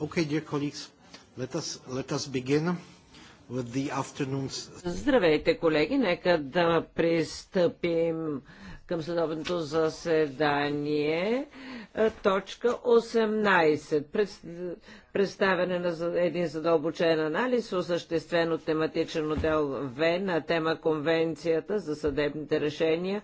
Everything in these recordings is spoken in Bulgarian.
Okay, dear colleagues, let us, let us begin with the afternoon's... Здравейте, колеги! Нека да пристъпим към следобното заседание. Е, точка 18. Пред... представяне на един задълбочен анализ, осъществен от тематичен отдел В на тема Конвенцията за съдебните решения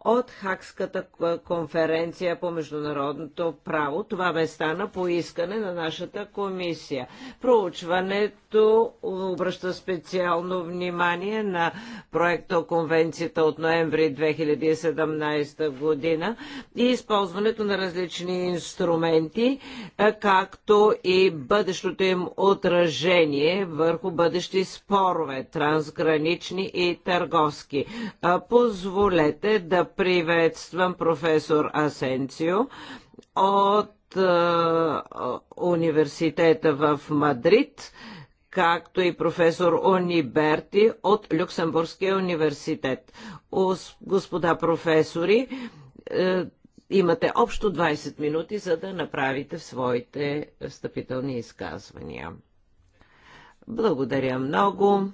от Хакската конференция по международното право. Това бе стана по искане на нашата комисия. Проучването обръща специално внимание на проекта Конвенцията от ноември 2017 година и използването на различни инструменти, както и бъдещото им отражение върху бъдещи спорове, трансгранични и търговски. Позволете да приветствам професор Асенцио от е, университета в Мадрид, както и професор Они Берти от Люксембургския университет. Господа професори, е, имате общо 20 минути, за да направите своите встъпителни изказвания. Благодаря много.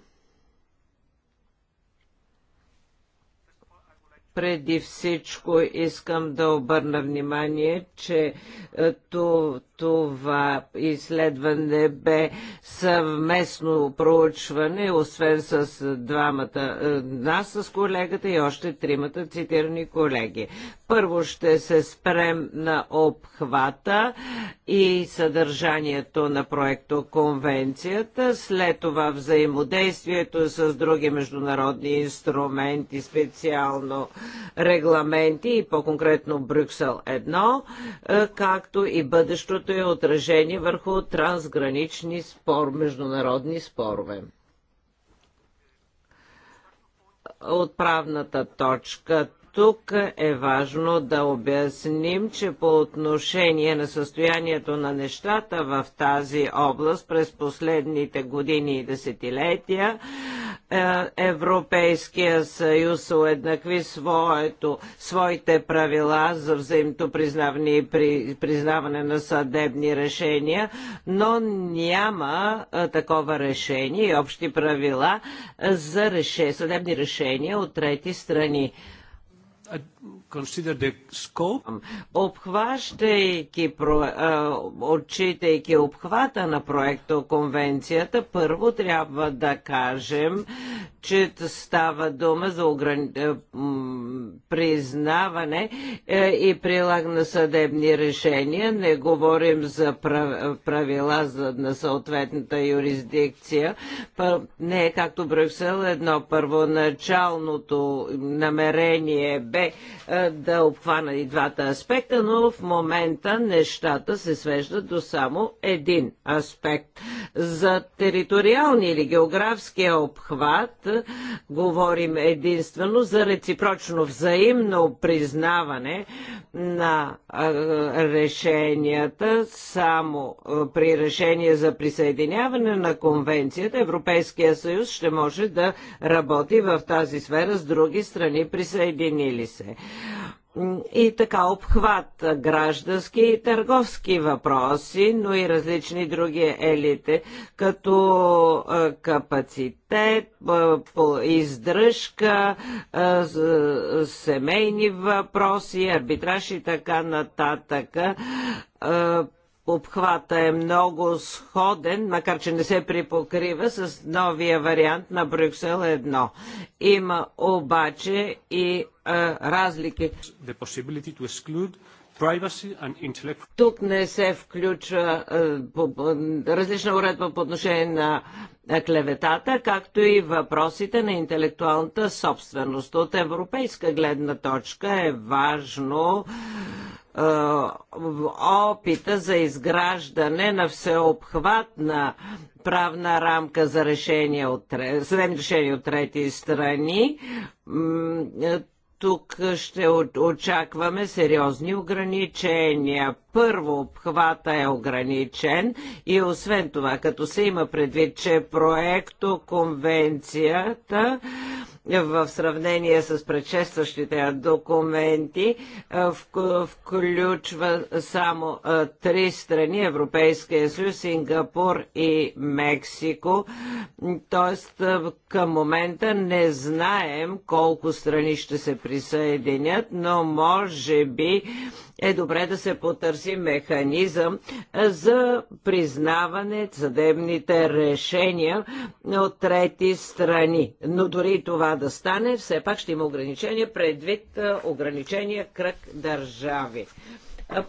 Преди всичко искам да обърна внимание, че е, това изследване бе съвместно проучване, освен с е, двамата е, нас с колегата и още тримата цитирани колеги. Първо ще се спрем на обхвата и съдържанието на проекто конвенцията, след това взаимодействието с други международни инструменти, специално регламенти и по-конкретно Брюксел 1, е, както и бъдещото е отражение върху трансгранични спор, международни спорове отправната точка. Тук е важно да обясним, че по отношение на състоянието на нещата в тази област през последните години и десетилетия, е, Европейския съюз уеднакви своето, своите правила за взаимното признаване и при, признаване на съдебни решения, но няма а, е, такова решение и общи правила за реше, съдебни решения от трети страни. Обхващайки, отчитайки обхвата на проекто конвенцията, първо трябва да кажем, че става дума за ограни... Е, признаване е, и прилаг на съдебни решения. Не говорим за правила на съответната юрисдикция. Не е както Брюксел едно първоначалното намерение бе е, да обхвана и двата аспекта, но в момента нещата се свеждат до само един аспект. За териториалния или географския обхват е, говорим единствено за реципрочно взаимно признаване на е, решенията само при решение за присъединяване на конвенцията Европейския съюз ще може да работи в тази сфера с други страни присъединили се и така обхват граждански и търговски въпроси, но и различни други елите, като капацитет, издръжка, семейни въпроси, арбитраж и така нататък Обхвата е много сходен, макар че не се припокрива с новия вариант на Брюксел 1. Има обаче и а, е, разлики. Тук не се включва а, е, по, по, различна уредба по отношение на клеветата, както и въпросите на интелектуалната собственост. От европейска гледна точка е важно опита за изграждане на всеобхватна правна рамка за решение от, съдебни решения от трети страни. Тук ще очакваме сериозни ограничения. Първо, обхвата е ограничен и освен това, като се има предвид, че проекто конвенцията в сравнение с предшестващите документи включва само три страни Европейския съюз, Сингапур и Мексико. Тоест към момента не знаем колко страни ще се присъединят, но може би е добре да се потърси механизъм за признаване съдебните решения от трети страни. Но дори това да стане, все пак ще има ограничения предвид ограничения кръг държави.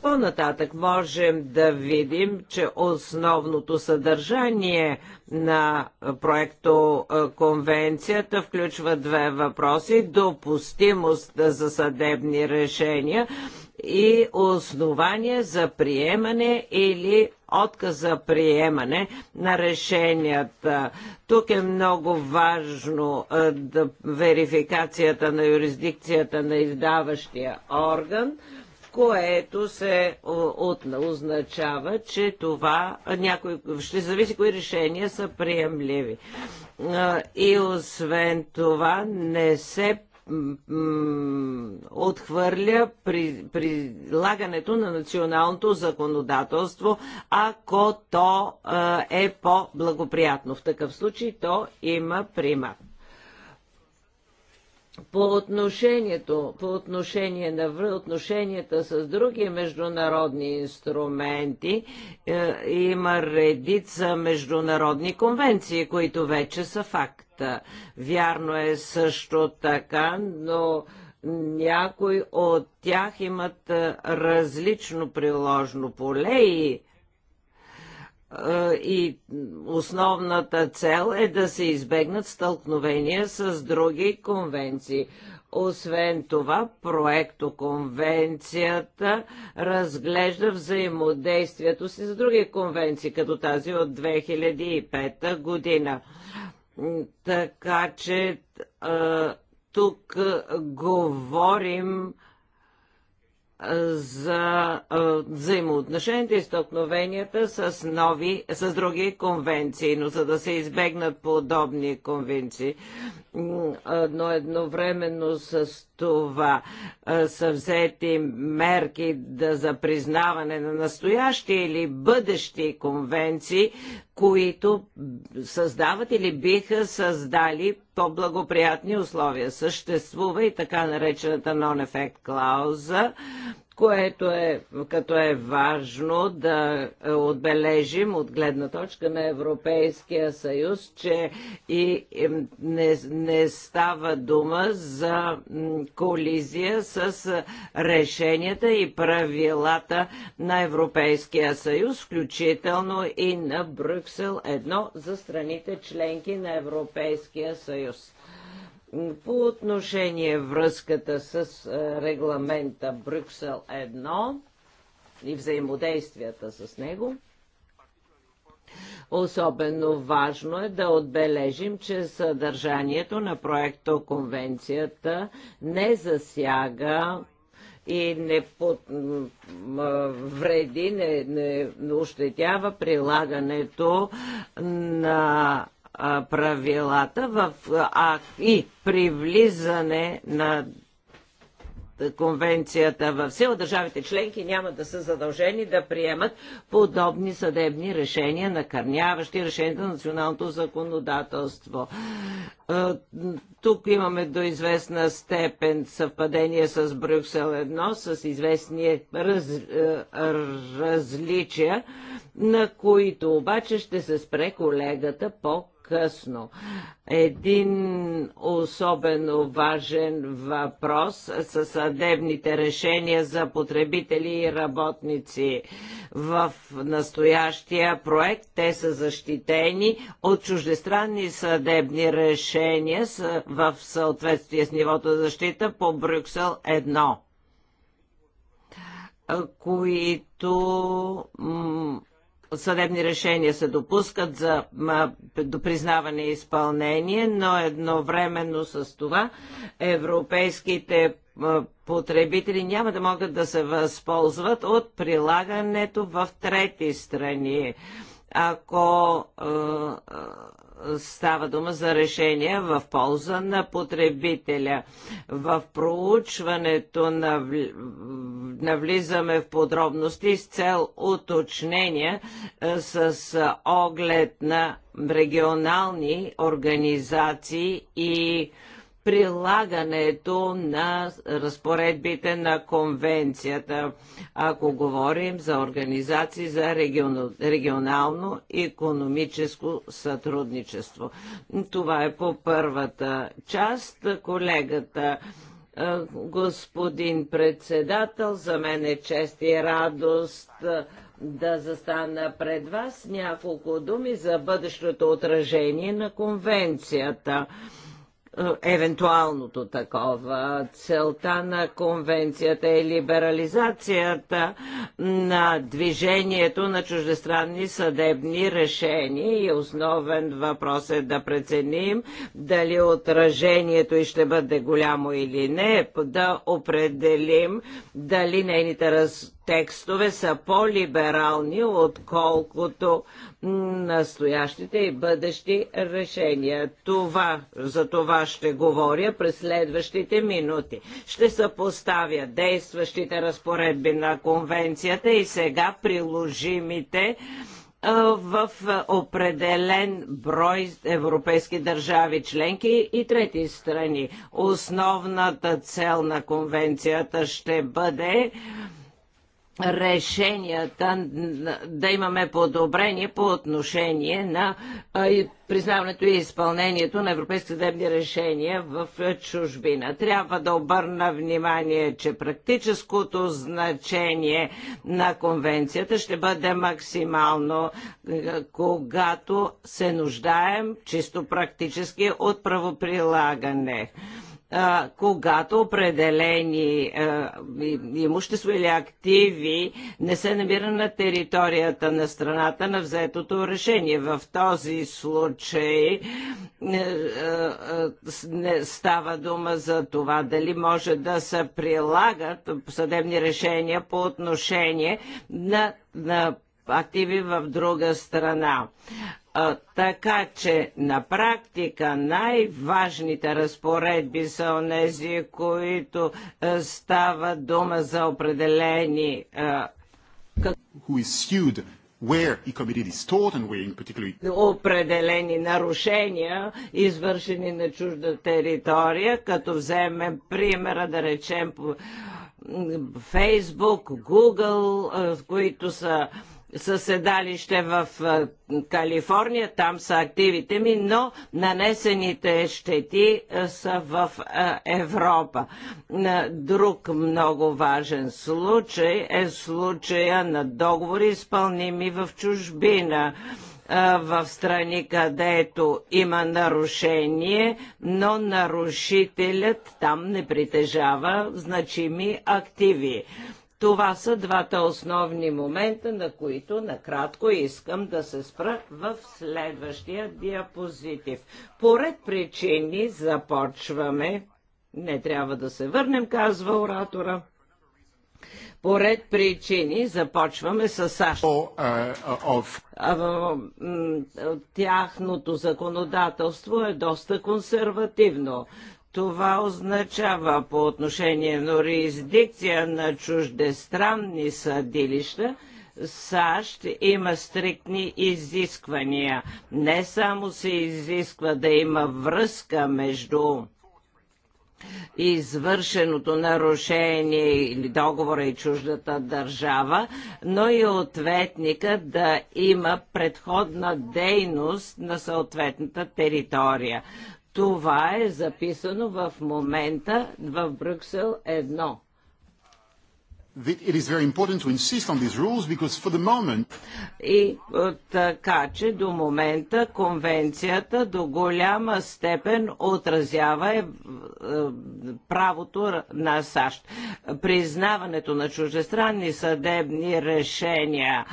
По-нататък можем да видим, че основното съдържание на проекто конвенцията включва две въпроси. Допустимост за съдебни решения и основание за приемане или отказ за приемане на решенията. Тук е много важно да, верификацията на юрисдикцията на издаващия орган, което се означава, че това някой, ще зависи кои решения са приемливи. И освен това не се отхвърля при, прилагането на националното законодателство, ако то а, е по-благоприятно. В такъв случай то има прима. По, отношението, по отношение на отношенията с други международни инструменти е, има редица международни конвенции, които вече са факт е, вярно е също така, но някои от тях имат е, различно приложно поле и е, и основната цел е да се избегнат стълкновения с други конвенции. Освен това, конвенцията разглежда взаимодействието си с други конвенции, като тази от 2005 година. Така че тук говорим за взаимоотношенията и столкновенията с, нови, с други конвенции, но за да се избегнат подобни конвенции. Но едновременно с това са взети мерки да, за признаване на настоящи или бъдещи конвенции, които създават или биха създали по-благоприятни условия. Съществува и така наречената non-effect клауза, което е, като е важно да отбележим от гледна точка на Европейския съюз, че и не, не става дума за колизия с решенията и правилата на Европейския съюз, включително и на Брюксел едно за страните членки на Европейския съюз. По отношение връзката с регламента Брюксел 1 и взаимодействията с него, Особено важно е да отбележим, че съдържанието на проекто конвенцията не засяга и не под, вреди, не, не ощетява прилагането на правилата в, а, и при влизане на конвенцията в сила, държавите членки няма да са задължени да приемат подобни съдебни решения, накърняващи решения на националното законодателство. Тук имаме до известна степен съвпадение с Брюксел 1, с известни раз, различия, на които обаче ще се спре колегата по късно. Един особено важен въпрос са съдебните решения за потребители и работници. В настоящия проект те са защитени от чуждестранни съдебни решения в съответствие с нивото за защита по Брюксел 1 които съдебни решения се допускат за допризнаване и изпълнение, но едновременно с това европейските потребители няма да могат да се възползват от прилагането в трети страни. Ако става дума за решения в полза на потребителя. В проучването навлизаме в подробности с цел уточнения е, с оглед на регионални организации и прилагането на разпоредбите на конвенцията, ако говорим за организации за регионално регионално економическо сътрудничество. Това е по първата част. Колегата е, господин председател, за мен е чест и радост е, да застана пред вас няколко думи за бъдещото отражение на конвенцията. Е, евентуалното такова. Целта на конвенцията е либерализацията на движението на чуждестранни съдебни решения и основен въпрос е да преценим дали отражението и ще бъде голямо или не, да определим дали нейните раз... текстове са по-либерални, отколкото настоящите и бъдещи решения. Това, за това ще говоря през следващите минути. Ще съпоставя действащите разпоредби на конвенцията и сега приложимите в определен брой европейски държави членки и трети страни. Основната цел на конвенцията ще бъде решенията да имаме подобрение по отношение на признаването и изпълнението на европейски съдебни решения в чужбина. Трябва да обърна внимание, че практическото значение на конвенцията ще бъде максимално, когато се нуждаем чисто практически от правоприлагане а, когато определени а, имущество или активи не се намира на територията на страната на взетото решение. В този случай е, е, не става дума за това дали може да се прилагат съдебни решения по отношение на, на активи в друга страна. А, така че на практика най-важните разпоредби са онези, които а, е, става дума за определени а, е, как... Where thought and where in particular... определени нарушения, извършени на чужда територия, като вземем примера, да речем, Facebook, Google, е, които са със седалище в Калифорния, там са активите ми, но нанесените щети са в Европа. Друг много важен случай е случая на договори изпълними в чужбина в страни, където има нарушение, но нарушителят там не притежава значими активи. Това са двата основни момента, на които накратко искам да се спра в следващия диапозитив. Поред причини започваме. Не трябва да се върнем, казва оратора. Поред причини започваме с САЩ. Е, тяхното законодателство е доста консервативно. Това означава по отношение на юрисдикция на чуждестранни съдилища, САЩ има стриктни изисквания. Не само се изисква да има връзка между извършеното нарушение или договора и чуждата държава, но и ответника да има предходна дейност на съответната територия. Това е записано в момента в Брюксел 1. Moment... И е, така, че до момента конвенцията до голяма степен отразява е, е, правото на САЩ. Признаването на чужестранни съдебни решения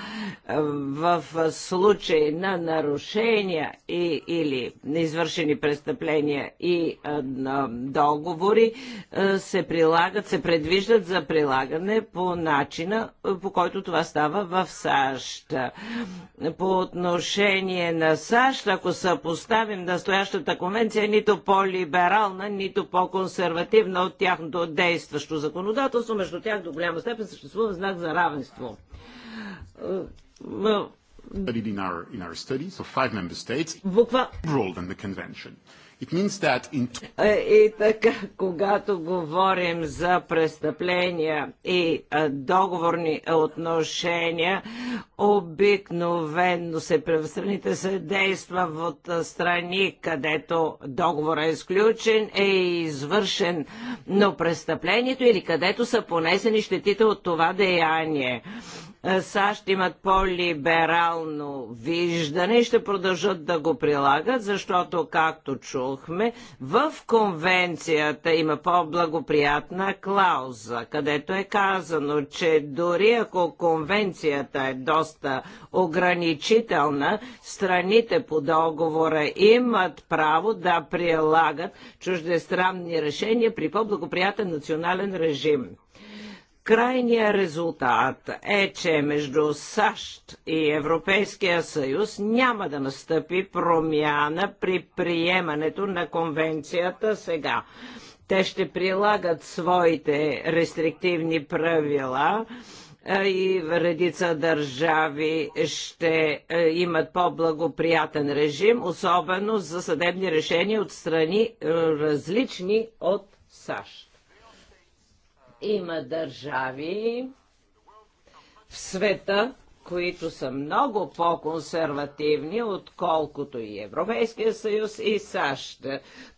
е, в случай на нарушения и, или извършени престъпления и е, договори е, се прилагат, се предвиждат за прилагане по начина, по който това става в САЩ. По отношение на САЩ, ако съпоставим настоящата конвенция, нито по-либерална, нито по-консервативна от тяхното действащо законодателство, между тях до голяма степен съществува знак за равенство. Bukva... In... И така, когато говорим за престъпления и договорни отношения, обикновено се превъзстрани се действа от страни, където договор е изключен, е извършен, но престъплението или където са понесени щетите от това деяние. Е, САЩ имат по-либерално виждане и ще продължат да го прилагат, защото, както чухме, в конвенцията има по-благоприятна клауза, където е казано, че дори ако конвенцията е доста ограничителна, страните по договора имат право да прилагат чуждестранни решения при по-благоприятен национален режим. Крайният резултат е, че между САЩ и Европейския съюз няма да настъпи промяна при приемането на конвенцията сега. Те ще прилагат своите рестриктивни правила и редица държави ще имат по-благоприятен режим, особено за съдебни решения от страни различни от САЩ. Има държави в света, които са много по-консервативни, отколкото и Европейския съюз и САЩ.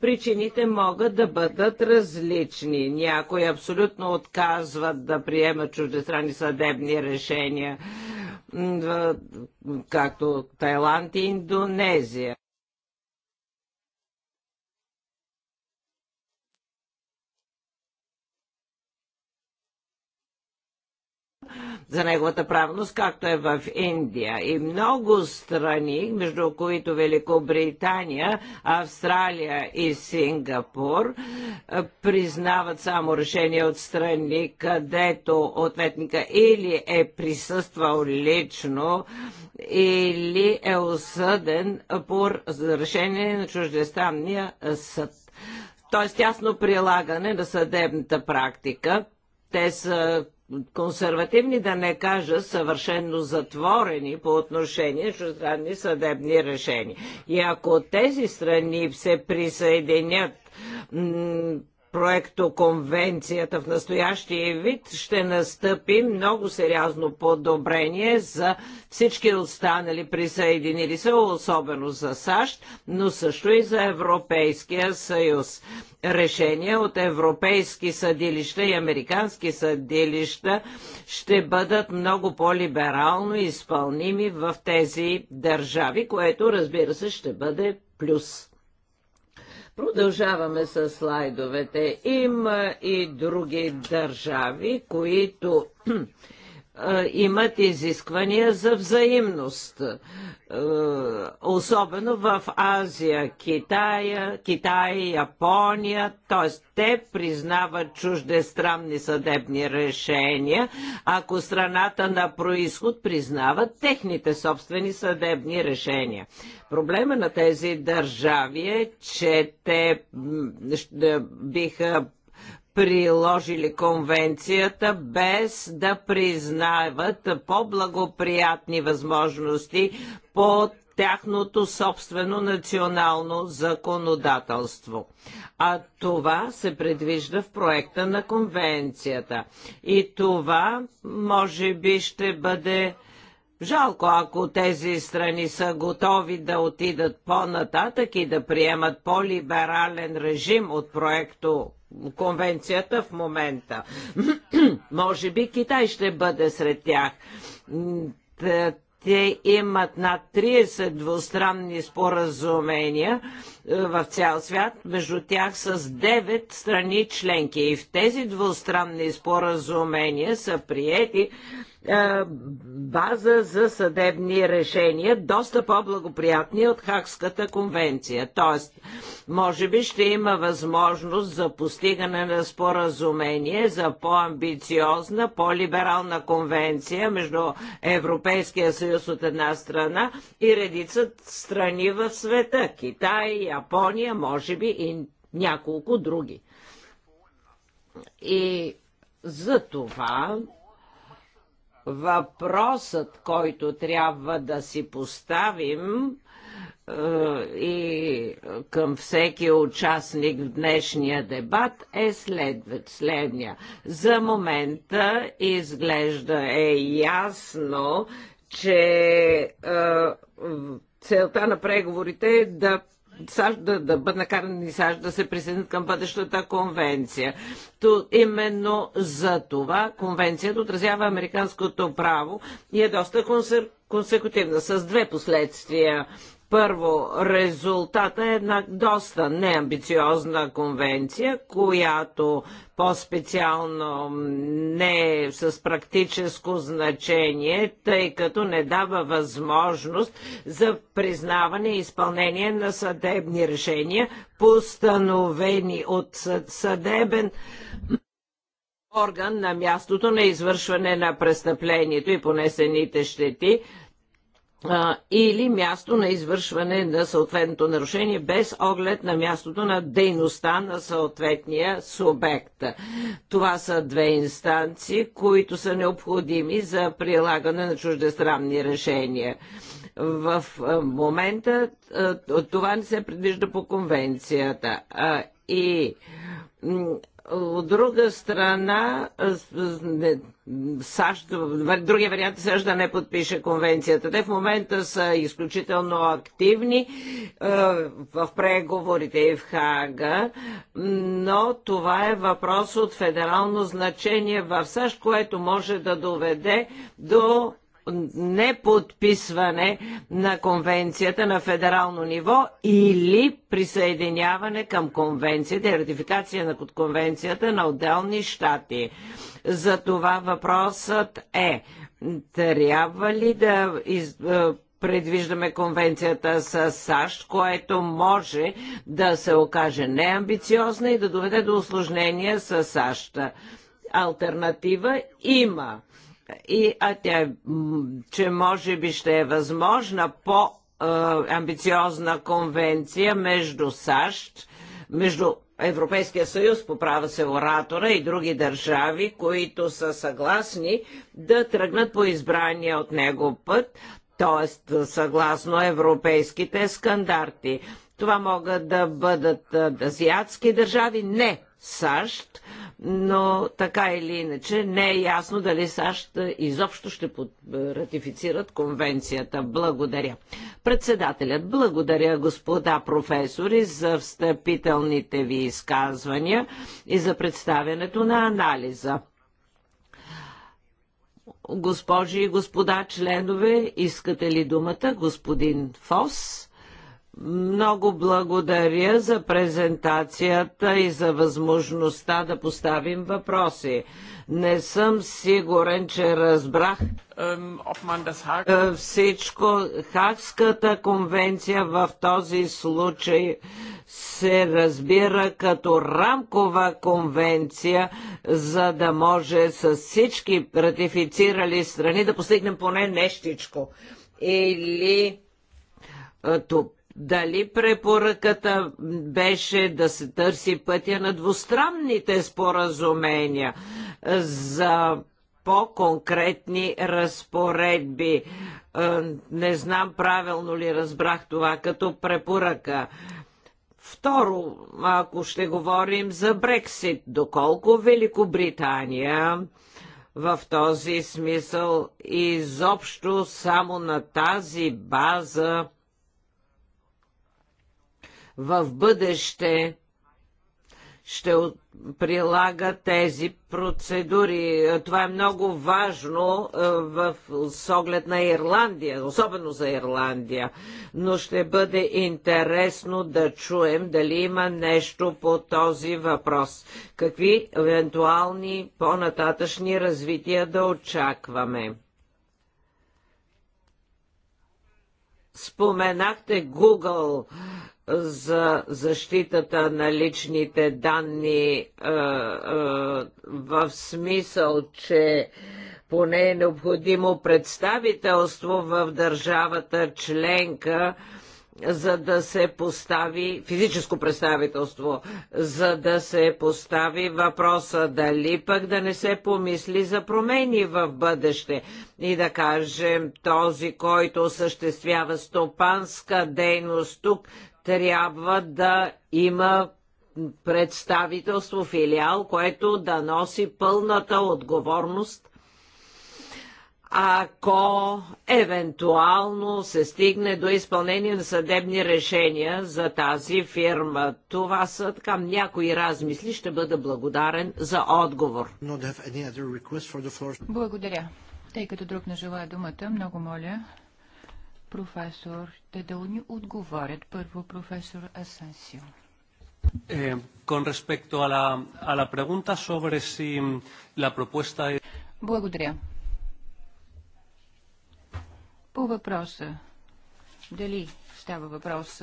Причините могат да бъдат различни. Някои абсолютно отказват да приемат чуждестранни съдебни решения, както Тайланд и Индонезия. за неговата правност, както е в Индия. И много страни, между които Великобритания, Австралия и Сингапур, е, признават само решение от страни, където ответника или е присъствал лично, или е осъден по решение на чуждестранния съд. Тоест тясно прилагане на съдебната практика. Те са консервативни, да не кажа съвършенно затворени по отношение чуждестранни съдебни решения. И ако тези страни се присъединят проекто конвенцията в настоящия вид ще настъпи много сериозно подобрение за всички останали присъединили се, особено за САЩ, но също и за Европейския съюз. Решения от европейски съдилища и американски съдилища ще бъдат много по-либерално изпълними в тези държави, което разбира се ще бъде плюс. Продължаваме с слайдовете. Има и други държави, които имат изисквания за взаимност. Особено в Азия, Китая, Китай, Япония, т.е. те признават чуждестранни съдебни решения, ако страната на происход признават техните собствени съдебни решения. Проблема на тези държави е, че те биха приложили конвенцията без да признават по-благоприятни възможности по тяхното собствено национално законодателство. А това се предвижда в проекта на конвенцията. И това може би ще бъде Жалко, ако тези страни са готови да отидат по-нататък и да приемат по-либерален режим от проекто конвенцията в момента. Може би Китай ще бъде сред тях. Е, те имат над 30 двустранни споразумения е, в цял свят, между тях с 9 страни членки. И в тези двустранни споразумения са приети е, база за съдебни решения, доста по-благоприятни от Хакската конвенция. Тоест, може би ще има възможност за постигане на споразумение за по-амбициозна, по-либерална конвенция между Европейския съюз от една страна и редица страни в света. Китай, Япония, може би и няколко други. И за това Въпросът, който трябва да си поставим е, и към всеки участник в днешния дебат е след, следния. За момента изглежда е ясно, че е, целта на преговорите е да САЩ да, да бъдат накарани САЩ да се присъединят към бъдещата конвенция. То, именно за това конвенцията отразява американското право и е доста консер... консекутивна, с две последствия – първо, резултата е една доста неамбициозна конвенция, която по-специално не е с практическо значение, тъй като не дава възможност за признаване и изпълнение на съдебни решения, постановени от съдебен орган на мястото на извършване на престъплението и понесените щети, а, или място на извършване на съответното нарушение без оглед на мястото на дейността на съответния субект. Това са две инстанции, които са необходими за прилагане на чуждестранни решения. В момента това не се предвижда по конвенцията. и от друга страна, САЩ, другия вариант е САЩ да не подпише конвенцията. Те в момента са изключително активни е, в преговорите и в Хага, но това е въпрос от федерално значение в САЩ, което може да доведе до неподписване на конвенцията на федерално ниво или присъединяване към конвенцията и ратификация на конвенцията на отделни щати. За това въпросът е трябва ли да из, е, предвиждаме конвенцията с САЩ, което може да се окаже неамбициозна и да доведе до осложнения с САЩ. Альтернатива има и, а тя, че може би ще е възможна по амбициозна конвенция между САЩ, между Европейския съюз, поправа се оратора и други държави, които са съгласни да тръгнат по избрания от него път, т.е. съгласно европейските стандарти. Това могат да бъдат азиатски държави, не САЩ, но така или иначе не е ясно дали САЩ изобщо ще ратифицират конвенцията. Благодаря. Председателят, благодаря господа професори за встъпителните ви изказвания и за представянето на анализа госпожи и господа членове, искате ли думата, господин Фос? Много благодаря за презентацията и за възможността да поставим въпроси. Не съм сигурен, че разбрах е, всичко. Хакската конвенция в този случай се разбира като рамкова конвенция, за да може с всички ратифицирали страни да постигнем поне нещичко. Или е, дали препоръката беше да се търси пътя на двустранните споразумения за по-конкретни разпоредби? Е, не знам правилно ли разбрах това като препоръка. Второ, ако ще говорим за Брексит, доколко Великобритания в този смисъл изобщо само на тази база в бъдеще ще прилага тези процедури. Това е много важно е, в, оглед на Ирландия, особено за Ирландия, но ще бъде интересно да чуем дали има нещо по този въпрос. Какви евентуални по-нататъчни развития да очакваме? Споменахте Google за защитата на личните данни е, е, в смисъл, че поне е необходимо представителство в държавата членка, за да се постави физическо представителство, за да се постави въпроса дали пък да не се помисли за промени в бъдеще и да кажем този, който осъществява стопанска дейност тук, трябва да има представителство, филиал, което да носи пълната отговорност ако евентуално се стигне до изпълнение на съдебни решения за тази фирма. Това са така някои размисли. Ще бъда благодарен за отговор. Благодаря. Тъй като друг не желая думата, много моля Професор, да ни отговорят. Първо професор Асенсио. Е, е- Благодаря. По въпроса, дали става въпрос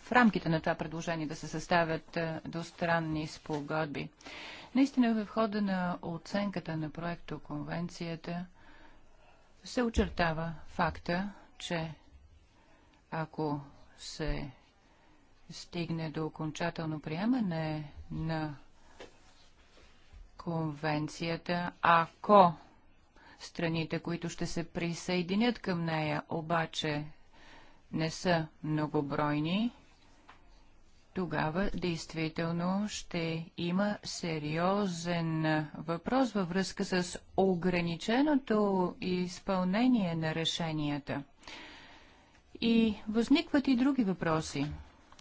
в рамките на това предложение да се съставят двустранни спогодби. Наистина в хода на оценката на проекто конвенцията се очертава факта, че ако се стигне до окончателно приемане на конвенцията, ако страните, които ще се присъединят към нея, обаче не са многобройни, тогава действително ще има сериозен въпрос във връзка с ограниченото изпълнение на решенията. И възникват и други въпроси.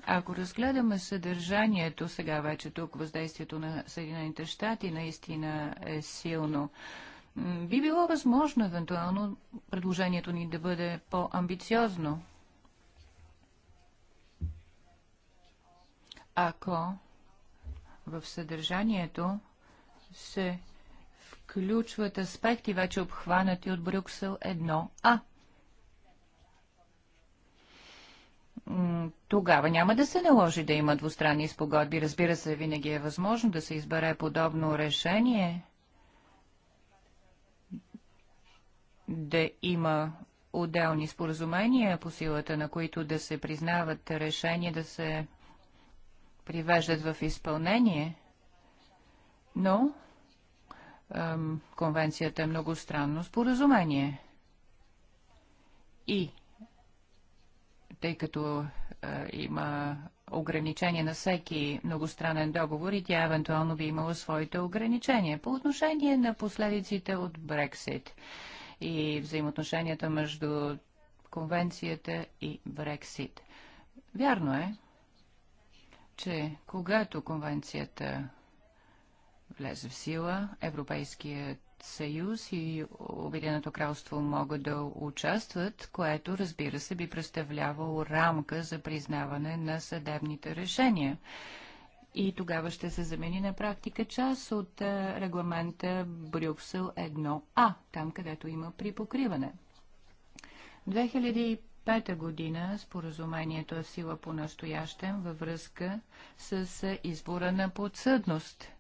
Ако разгледаме съдържанието, сега вече тук въздействието на Съединените щати наистина е силно. Би било възможно, евентуално, предложението ни да бъде по-амбициозно. Ако в съдържанието се включват аспекти, вече обхванати от Брюксел 1А – тогава няма да се наложи да има двустранни спогодби. Разбира се, винаги е възможно да се избере подобно решение, да има отделни споразумения, по силата на които да се признават решения, да се привеждат в изпълнение. Но ем, конвенцията е многостранно споразумение. И тъй като е, има ограничение на всеки многостранен договор и тя евентуално би имала своите ограничения. По отношение на последиците от Брексит и взаимоотношенията между конвенцията и Брексит. Вярно е, че когато конвенцията влезе в сила, Европейският съюз и Обединеното кралство могат да участват, което разбира се би представлявало рамка за признаване на съдебните решения. И тогава ще се замени на практика част от е, регламента Брюксел 1А, там където има припокриване. 2005 година споразумението е сила по настоящем във връзка с е, избора на подсъдност –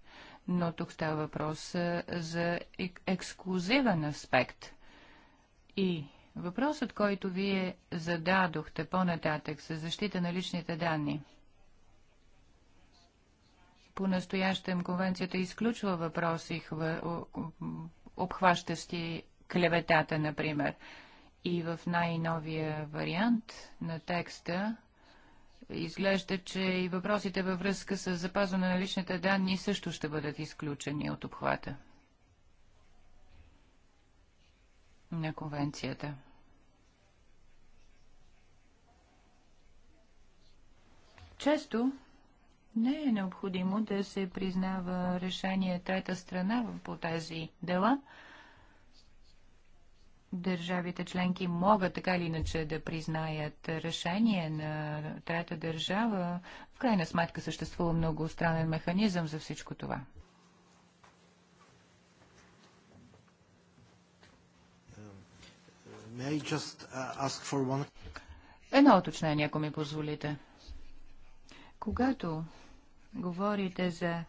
но тук става въпрос за ексклюзивен аспект. И въпросът, който вие зададохте по-нататък за защита на личните данни. По-настоящем конвенцията изключва въпроси, обхващащи клеветата, например. И в най-новия вариант на текста Изглежда, че и въпросите във връзка с запазване на личните данни също ще бъдат изключени от обхвата на конвенцията. Често не е необходимо да се признава решение трета страна по тези дела – държавите членки могат така или иначе да признаят решение на трета държава, в крайна сметка съществува много странен механизъм за всичко това. Е, one... Едно уточнение, ако ми позволите. Когато говорите за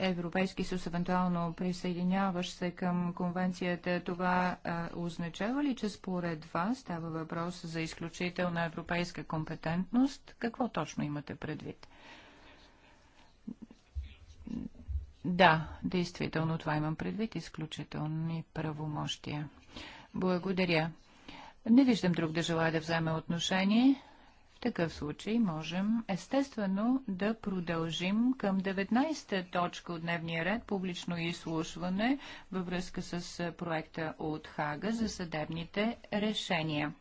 Европейски съюз, евентуално присъединяваш се към конвенцията, това а, означава ли, че според вас става въпрос за изключителна европейска компетентност? Какво точно имате предвид? Да, действително това имам предвид, изключителни правомощия. Благодаря. Не виждам друг да желая да вземе отношение. В такъв случай можем естествено да продължим към 19-та точка от дневния ред публично изслушване във връзка с проекта от Хага за съдебните решения.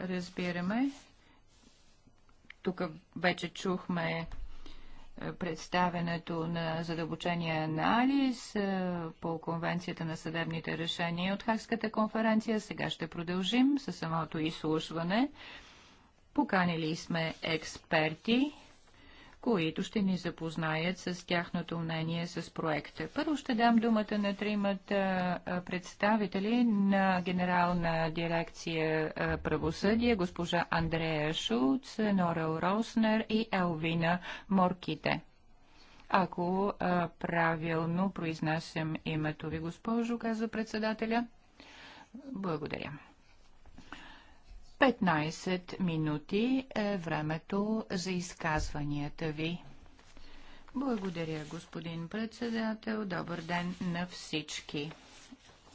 Разбираме, тук вече чухме представенето на задълбочения анализ по Конвенцията на съдебните решения от Хагската конференция. Сега ще продължим със самото изслушване. Поканили сме експерти, които ще ни запознаят с тяхното мнение с проекта. Първо ще дам думата на тримата представители на Генерална дирекция правосъдие, госпожа Андрея Шуц, Норел Роснер и Елвина Морките. Ако а, правилно произнасям името ви, госпожо, каза председателя. Благодаря. 15 минути е времето за изказванията ви. Благодаря, господин председател. Добър ден на всички.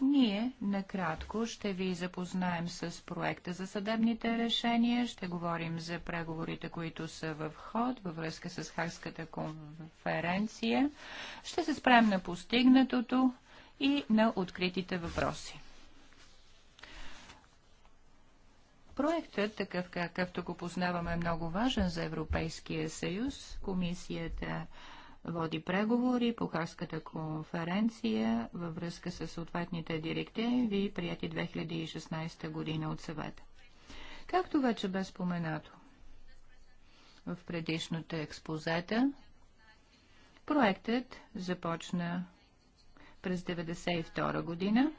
Ние накратко ще ви запознаем с проекта за съдебните решения, ще говорим за преговорите, които са в ход във връзка с Хагската конференция, ще се спрем на постигнатото и на откритите въпроси. Проектът, такъв какъвто го познаваме, е много важен за Европейския съюз. Комисията води преговори по Харската конференция във връзка с съответните директиви, прияти 2016 година от съвета. Както вече бе споменато в предишната експозета, проектът започна през 1992 година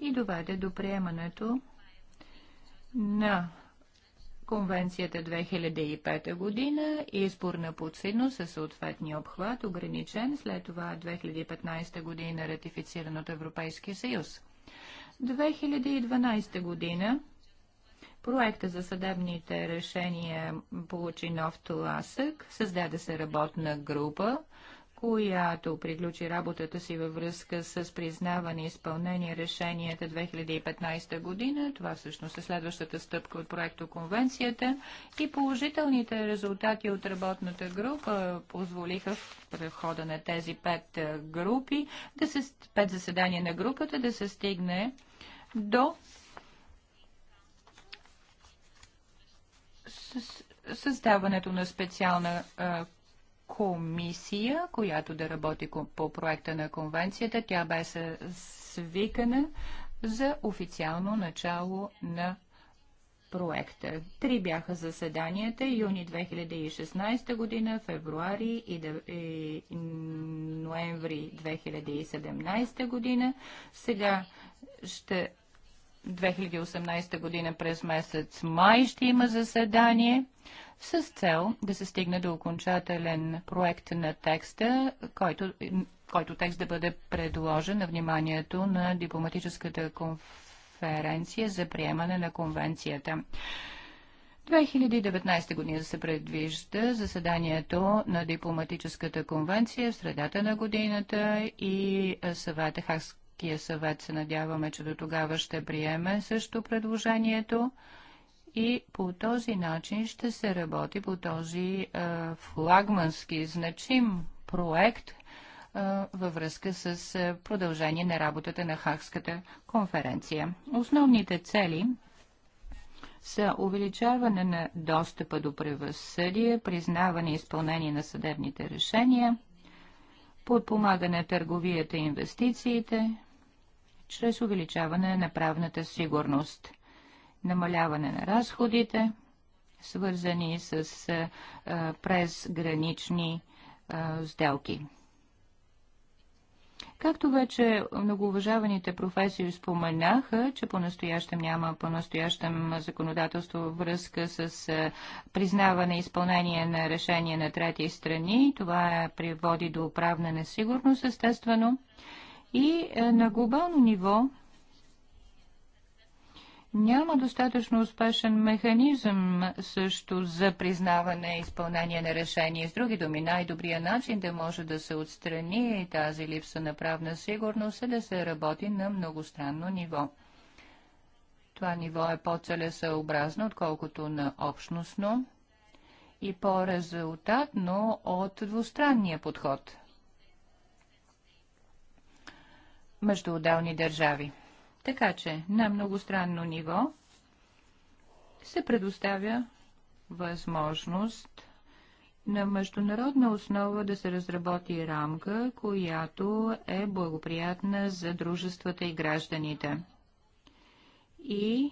и доведе до приемането на Конвенцията 2005 година, избор на подсидно със съответния обхват, ограничен, след това 2015 година ратифициран от Европейския съюз. 2012 година проекта за съдебните решения получи нов тласък, създаде се работна група която приключи работата си във връзка с признаване и изпълнение решенията 2015 година. Това всъщност е следващата стъпка от проекто Конвенцията и положителните резултати от работната група позволиха в прехода на тези пет е, групи, да се, пет заседания на групата да се стигне до създаването на специална а, е, комисия, която да работи по проекта на конвенцията. Тя бе свикана за официално начало на проекта. Три бяха заседанията юни 2016 година, февруари и, и ноември 2017 година. Сега ще 2018 година през месец май ще има заседание с цел да се стигне до окончателен проект на текста, който, който текст да бъде предложен на вниманието на дипломатическата конференция за приемане на конвенцията. 2019 година се предвижда заседанието на дипломатическата конвенция в средата на годината и съвета Хакс Европейския съвет се надяваме, че до тогава ще приеме също предложението и по този начин ще се работи по този е, флагмански значим проект е, във връзка с е, продължение на работата на Хагската конференция. Основните цели са увеличаване на достъпа до превъзсъдие, признаване и изпълнение на съдебните решения, подпомагане търговията и инвестициите, чрез увеличаване на правната сигурност, намаляване на разходите, свързани с а, презгранични а, сделки. Както вече многоуважаваните професии споменаха, че по-настоящем няма по-настоящем законодателство връзка с признаване и изпълнение на решения на трети страни, това приводи до правна несигурност, естествено. И е, на глобално ниво няма достатъчно успешен механизъм също за признаване и изпълнение на решение. С други думи, най-добрият начин да може да се отстрани тази липса на правна сигурност е да се работи на многостранно ниво. Това ниво е по-целесъобразно, отколкото на общностно и по-резултатно от двустранния подход – между отделни държави. Така че на многостранно ниво се предоставя възможност на международна основа да се разработи рамка, която е благоприятна за дружествата и гражданите. И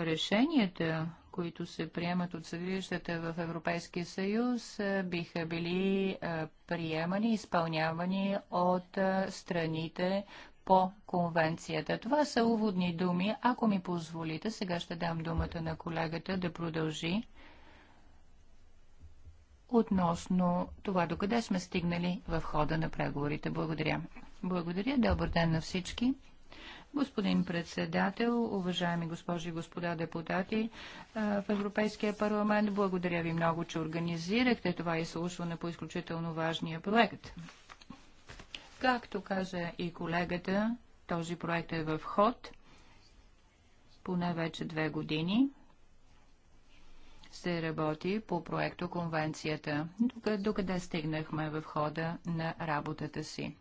решенията, които се приемат от съдилищата в Европейския съюз, биха били приемани, изпълнявани от страните по конвенцията. Това са уводни думи. Ако ми позволите, сега ще дам думата на колегата да продължи относно това докъде сме стигнали в хода на преговорите. Благодаря. Благодаря. Добър ден на всички. Господин председател, уважаеми госпожи и господа депутати в Европейския парламент, благодаря ви много, че организирахте това изслушване по изключително важния проект. Както каза и колегата, този проект е в ход поне вече две години се работи по проекто Конвенцията. Докъде стигнахме в хода на работата си?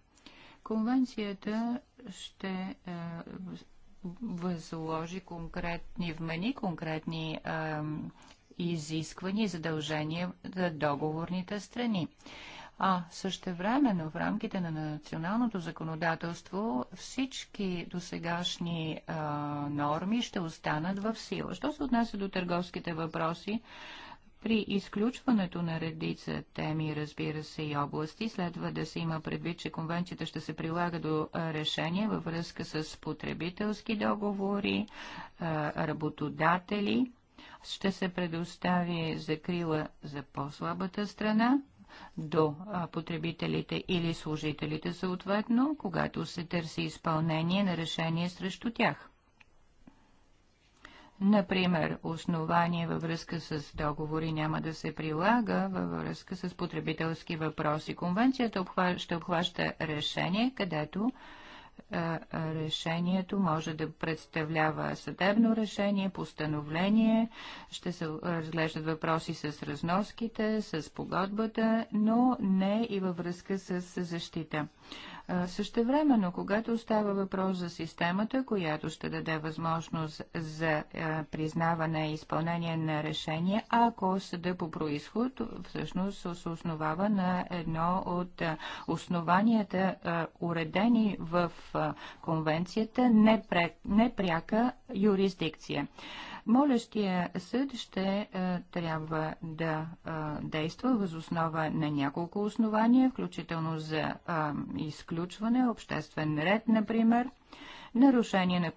Конвенцията ще е, възложи конкретни вмени, конкретни е, изисквания и задължения за договорните страни. А същевременно в рамките на националното законодателство всички досегашни а, е, норми ще останат в сила. Що се отнася до търговските въпроси, при изключването на редица теми, разбира се, и области, следва да се има предвид, че конвенцията ще се прилага до решение във връзка с потребителски договори, работодатели. Ще се предостави закрила за по-слабата страна до потребителите или служителите съответно, когато се търси изпълнение на решение срещу тях. Например, основание във връзка с договори няма да се прилага във връзка с потребителски въпроси. Конвенцията ще обхваща решение, където е, решението може да представлява съдебно решение, постановление, ще се разглеждат въпроси с разноските, с погодбата, но не и във връзка с защита но когато става въпрос за системата, която ще даде възможност за признаване и изпълнение на решение, ако съда по происход всъщност се основава на едно от основанията, уредени в конвенцията, непряка юрисдикция. Молещия съд ще е, трябва да е, действа възоснова на няколко основания, включително за е, изключване, обществен ред, например, нарушение на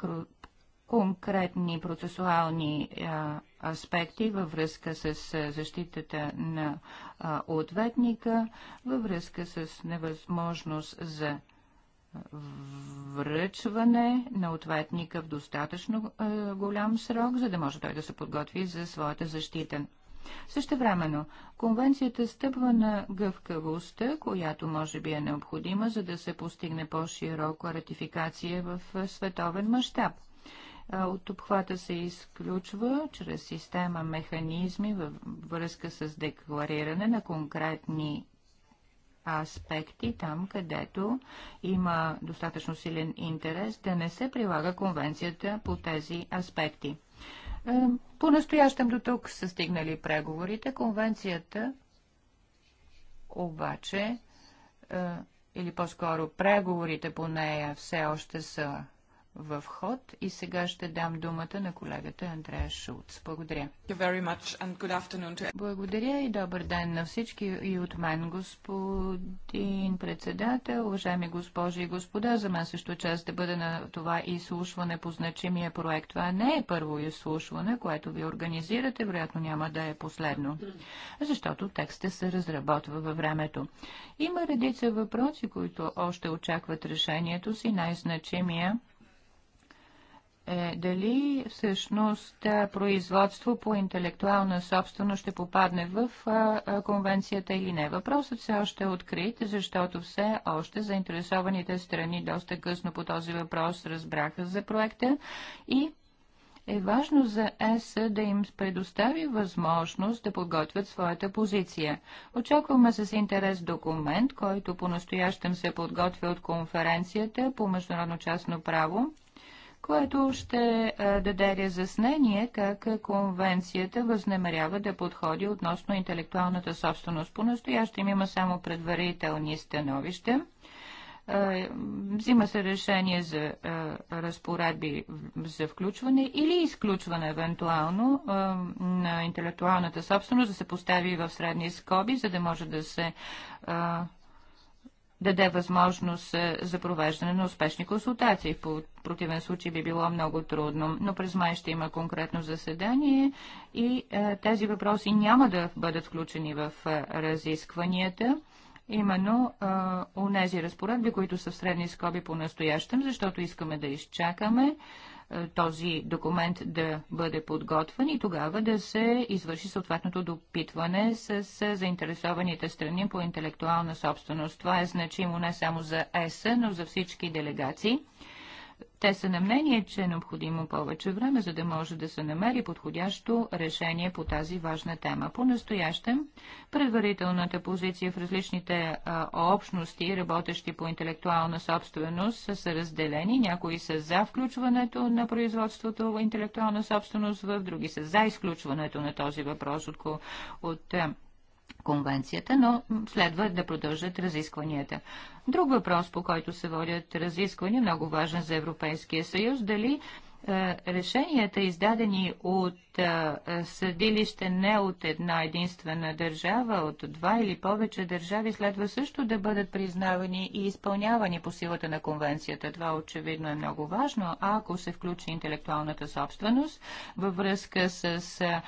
конкретни процесуални а, е, аспекти във връзка с защитата на а, ответника, във връзка с невъзможност за връчване на ответника в достатъчно е, голям срок, за да може той да се подготви за своята защита. времено, конвенцията стъпва на гъвкавостта, която може би е необходима, за да се постигне по-широко ратификация в е, световен мащаб. От обхвата се изключва чрез система механизми във връзка с деклариране на конкретни аспекти, там където има достатъчно силен интерес да не се прилага конвенцията по тези аспекти. Е, по-настоящем до тук са стигнали преговорите. Конвенцията обаче, е, или по-скоро преговорите по нея все още са в ход и сега ще дам думата на колегата Андрея Шулц. Благодаря. Благодаря и добър ден на всички и от мен, господин председател, уважаеми госпожи и господа. За мен също чест да бъде на това изслушване по значимия проект. Това не е първо изслушване, което ви организирате, вероятно няма да е последно, защото текстът се разработва във времето. Има редица въпроси, които още очакват решението си. Най-значимия е дали всъщност е, производство по интелектуална собственост ще попадне в е, е, конвенцията или не. Въпросът все още е открит, защото все още заинтересованите страни доста късно по този въпрос разбраха за проекта и е важно за ЕС да им предостави възможност да подготвят своята позиция. Очакваме с интерес документ, който по-настоящем се подготвя от конференцията по международно частно право което ще е, даде разяснение как конвенцията възнамерява да подходи относно интелектуалната собственост. По-настоящем има само предварителни становища. Е, взима се решение за е, разпоредби за включване или изключване евентуално на интелектуалната собственост да се постави в средни скоби, за да може да се даде възможност е, за провеждане на успешни консултации. В противен случай би било много трудно, но през май ще има конкретно заседание и е, тези въпроси няма да бъдат включени в е, разискванията именно а, у нези разпоредби, които са в средни скоби по настоящем, защото искаме да изчакаме е, този документ да бъде подготвен и тогава да се извърши съответното допитване с заинтересованите страни по интелектуална собственост. Това е значимо не само за ЕС, но за всички делегации – те са на мнение, че е необходимо повече време, за да може да се намери подходящо решение по тази важна тема. По-настоящем предварителната позиция в различните а, общности, работещи по интелектуална собственост, са, са разделени. Някои са за включването на производството в интелектуална собственост, в други са за изключването на този въпрос от, от конвенцията, но следва да продължат разискванията. Друг въпрос, по който се водят разисквания, много важен за Европейския съюз, дали е, решенията, издадени от е, съдилище не от една единствена държава, от два или повече държави, следва също да бъдат признавани и изпълнявани по силата на конвенцията. Това очевидно е много важно, ако се включи интелектуалната собственост във връзка с е,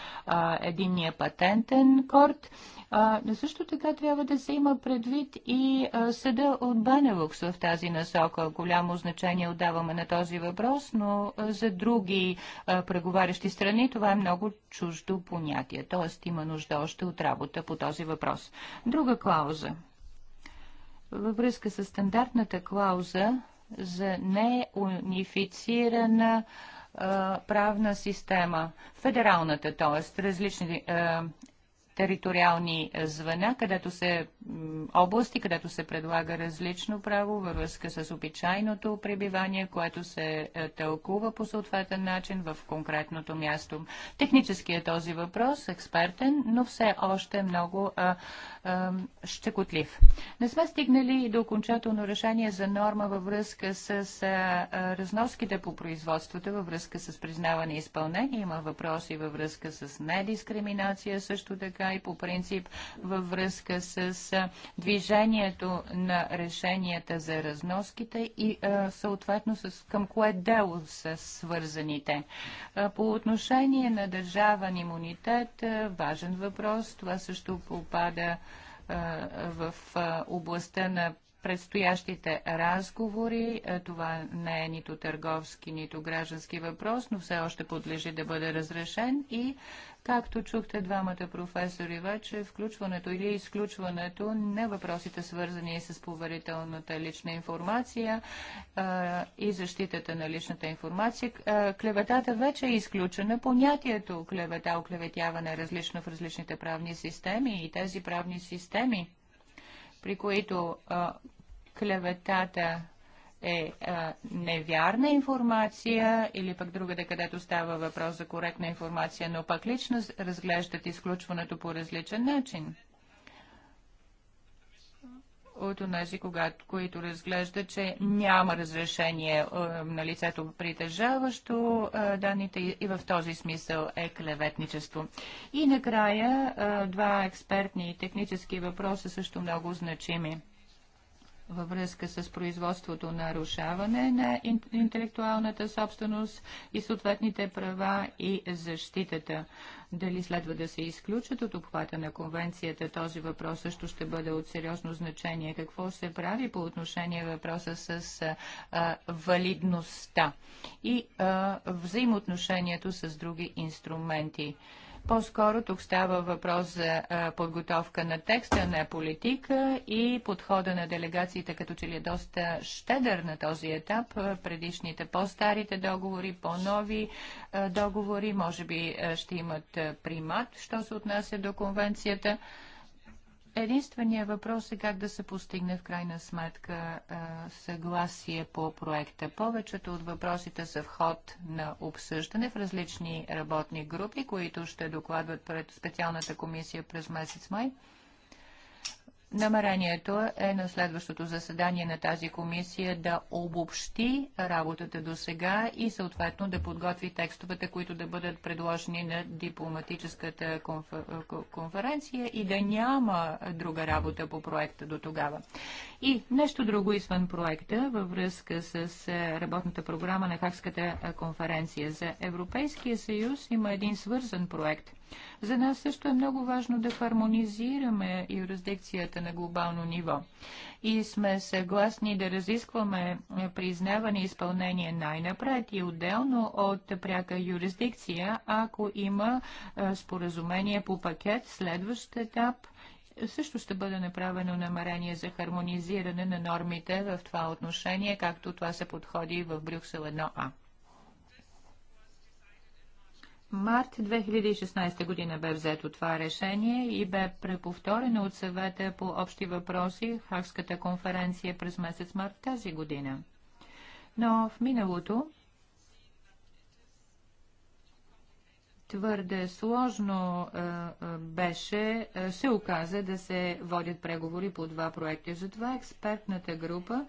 единния патентен корт а, също така трябва да се има предвид и а, съда от Бенелукс в тази насока. Голямо значение отдаваме на този въпрос, но а, за други а, преговарящи страни това е много чуждо понятие. Тоест има нужда още от работа по този въпрос. Друга клауза. Във връзка с стандартната клауза за неунифицирана правна система, федералната, т.е. различни е, териториални звена, където се области, където се предлага различно право във връзка с обичайното пребивание, което се е, тълкува по съответен начин в конкретното място. Технически е този въпрос, експертен, но все още много а, а, щекотлив. Не сме стигнали и до окончателно решение за норма във връзка с а, а, разноските по производството, във връзка с признаване и изпълнение. Има въпроси във връзка с недискриминация, също така и по принцип във връзка с движението на решенията за разноските и съответно с към кое дело са свързаните. по отношение на държавен имунитет, важен въпрос, това също попада в областта на предстоящите разговори. Е, това не е нито търговски, нито граждански въпрос, но все още подлежи да бъде разрешен и Както чухте двамата професори вече, включването или изключването на въпросите свързани с поверителната лична информация е, и защитата на личната информация, е, клеветата вече е изключена. Понятието клевета, оклеветяване е различно в различните правни системи и тези правни системи при които а, клеветата е а, невярна информация или пък другата, където става въпрос за коректна информация, но пък лично разглеждат изключването по различен начин от онези, когато, които разглежда, че няма разрешение е, на лицето притежаващо е, данните и, и в този смисъл е клеветничество. И накрая е, два експертни и технически въпроса също много значими във връзка с производството на нарушаване на интелектуалната собственост и съответните права и защитата. Дали следва да се изключат от обхвата на конвенцията, този въпрос също ще бъде от сериозно значение. Какво се прави по отношение въпроса с а, валидността и а, взаимоотношението с други инструменти? По-скоро тук става въпрос за подготовка на текста, на политика и подхода на делегациите, като че ли е доста щедър на този етап. Предишните по-старите договори, по-нови договори, може би ще имат примат, що се отнася до конвенцията. Единственият въпрос е как да се постигне в крайна сметка съгласие по проекта. Повечето от въпросите са вход на обсъждане в различни работни групи, които ще докладват пред специалната комисия през месец май. Намерението е на следващото заседание на тази комисия да обобщи работата до сега и съответно да подготви текстовете, които да бъдат предложени на дипломатическата конференция и да няма друга работа по проекта до тогава. И нещо друго извън проекта във връзка с е, работната програма на Хакската конференция за Европейския съюз има един свързан проект за нас също е много важно да хармонизираме юрисдикцията на глобално ниво. И сме съгласни да разискваме признаване и изпълнение най-напред и отделно от пряка юрисдикция, ако има споразумение по пакет, следващ етап – също ще бъде направено намерение за хармонизиране на нормите в това отношение, както това се подходи в Брюксел 1А март 2016 година бе взето това решение и бе преповторено от съвета по общи въпроси в Хагската конференция през месец март тази година. Но в миналото твърде сложно беше, се оказа да се водят преговори по два проекта. Затова експертната група,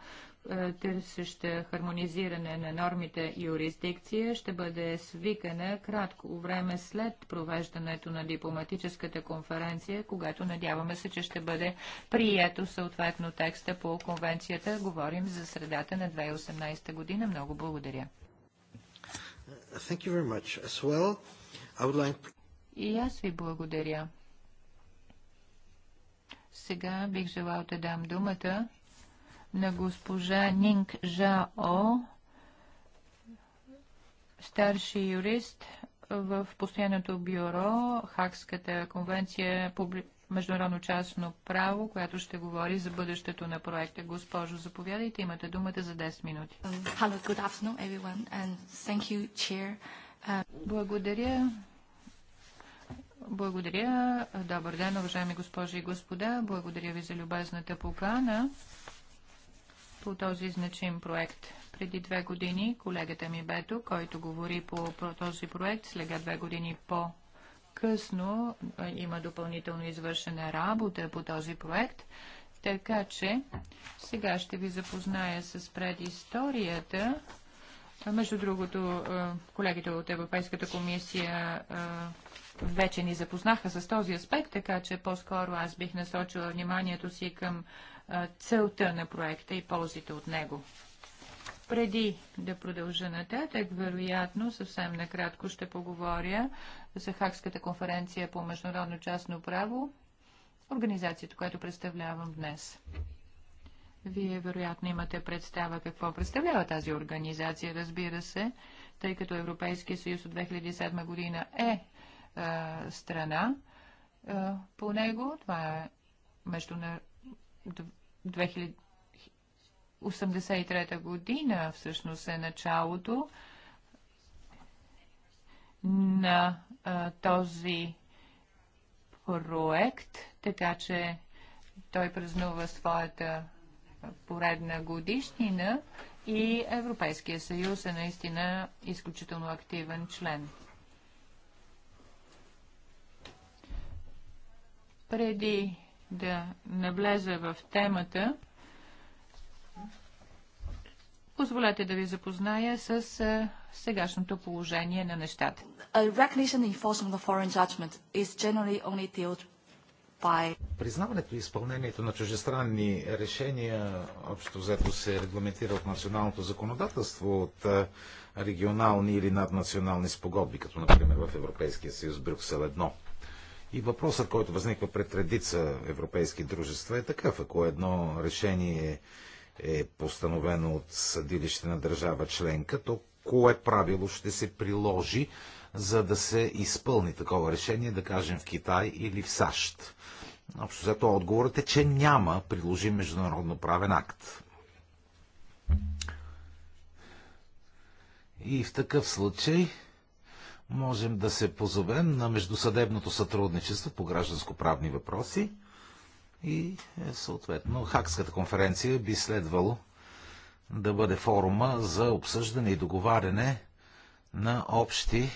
е, търсеща хармонизиране на нормите юрисдикция ще бъде свикана кратко време след провеждането на дипломатическата конференция, когато надяваме се, че ще бъде прието съответно текста по конвенцията. Говорим за средата на 2018 година. Много благодаря. Well, like... И аз ви благодаря. Сега бих желал да дам думата на госпожа Нинг О, старши юрист в постоянното бюро, Хакската конвенция, по международно частно право, която ще говори за бъдещето на проекта. Госпожо, заповядайте, имате думата за 10 минути. Hello, good afternoon, everyone, and thank you, chair. Благодаря. Благодаря. Добър ден, уважаеми госпожи и господа. Благодаря ви за любезната покана по този значим проект. Преди две години колегата ми Бето, който говори по, този проект, слега две години по късно има допълнително извършена работа по този проект, така че сега ще ви запозная с предисторията. Между другото, колегите от Европейската комисия вече ни запознаха с този аспект, така че по-скоро аз бих насочила вниманието си към целта на проекта и ползите от него. Преди да продължа нататък, вероятно, съвсем накратко ще поговоря за Хакската конференция по международно частно право, организацията, която представлявам днес. Вие вероятно имате представа какво представлява тази организация, разбира се, тъй като Европейския съюз от 2007 година е, е страна е, по него. Това е между 1983 година всъщност е началото на а, този проект, така че той празнува своята поредна годишнина и Европейския съюз е наистина изключително активен член. Преди да навлеза в темата, позволете да ви запозная с е, сегашното положение на нещата. Признаването и изпълнението на чужестранни решения общо взето се регламентира от националното законодателство, от е, регионални или наднационални спогодби, като например в Европейския съюз Брюксел 1. И въпросът, който възниква пред редица европейски дружества е такъв. Ако едно решение е постановено от съдилище на държава членка, то кое правило ще се приложи, за да се изпълни такова решение, да кажем в Китай или в САЩ? Общо това отговорът е, че няма приложим международно правен акт. И в такъв случай можем да се позовем на междусъдебното сътрудничество по гражданско-правни въпроси и е, съответно Хакската конференция би следвало да бъде форума за обсъждане и договаряне на общи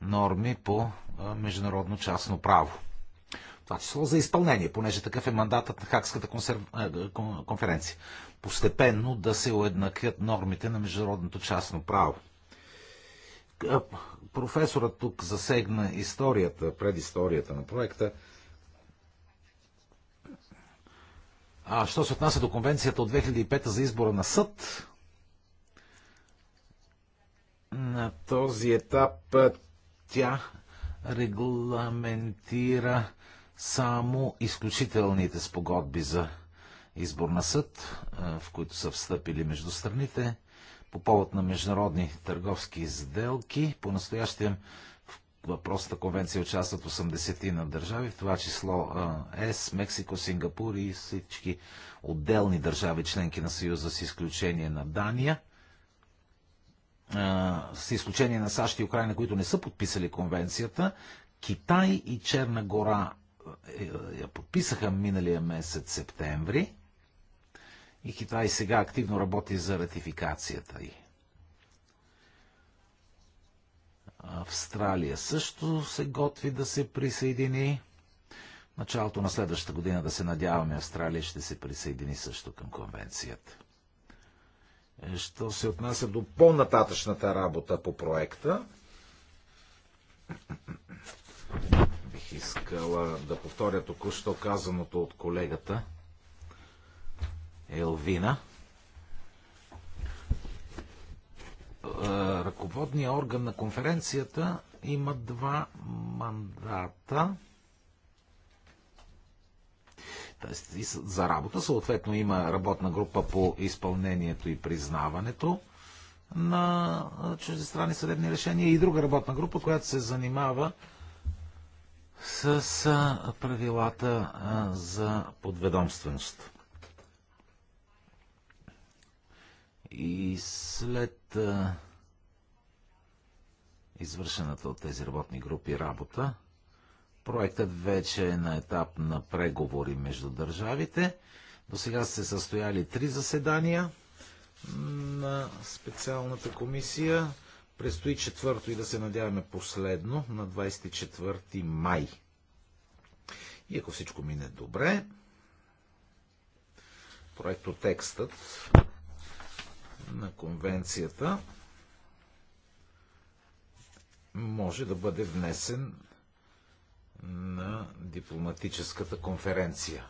норми по е, международно частно право. Това число за изпълнение, понеже такъв е мандатът на Хакската е, конференция. Постепенно да се уеднакят нормите на международното частно право професорът тук засегна историята, предисторията на проекта. А що се отнася до конвенцията от 2005 за избора на съд, на този етап тя регламентира само изключителните спогодби за избор на съд, в които са встъпили между страните по повод на международни търговски сделки. По настоящем в въпросната конвенция участват 80 на държави, в това число ЕС, Мексико, Сингапур и всички отделни държави, членки на Съюза, с изключение на Дания с изключение на САЩ и Украина, които не са подписали конвенцията, Китай и Черна гора е, я подписаха миналия месец септември. И Китай сега активно работи за ратификацията й. Австралия също се готви да се присъедини. Началото на следващата година да се надяваме Австралия ще се присъедини също към конвенцията. Е, що се отнася до по-нататъчната работа по проекта, бих искала да повторя току-що казаното от колегата – Елвина. Е, ръководният орган на конференцията има два мандата. Тоест, за работа съответно има работна група по изпълнението и признаването на е, чуждестранни съдебни решения и друга работна група, която се занимава с е, правилата за подведомственост. И след а, извършената от тези работни групи работа, проектът вече е на етап на преговори между държавите. До сега са се състояли три заседания на специалната комисия. Престои четвърто и да се надяваме последно на 24 май. И ако всичко мине добре, проектотекстът на конвенцията може да бъде внесен на дипломатическата конференция.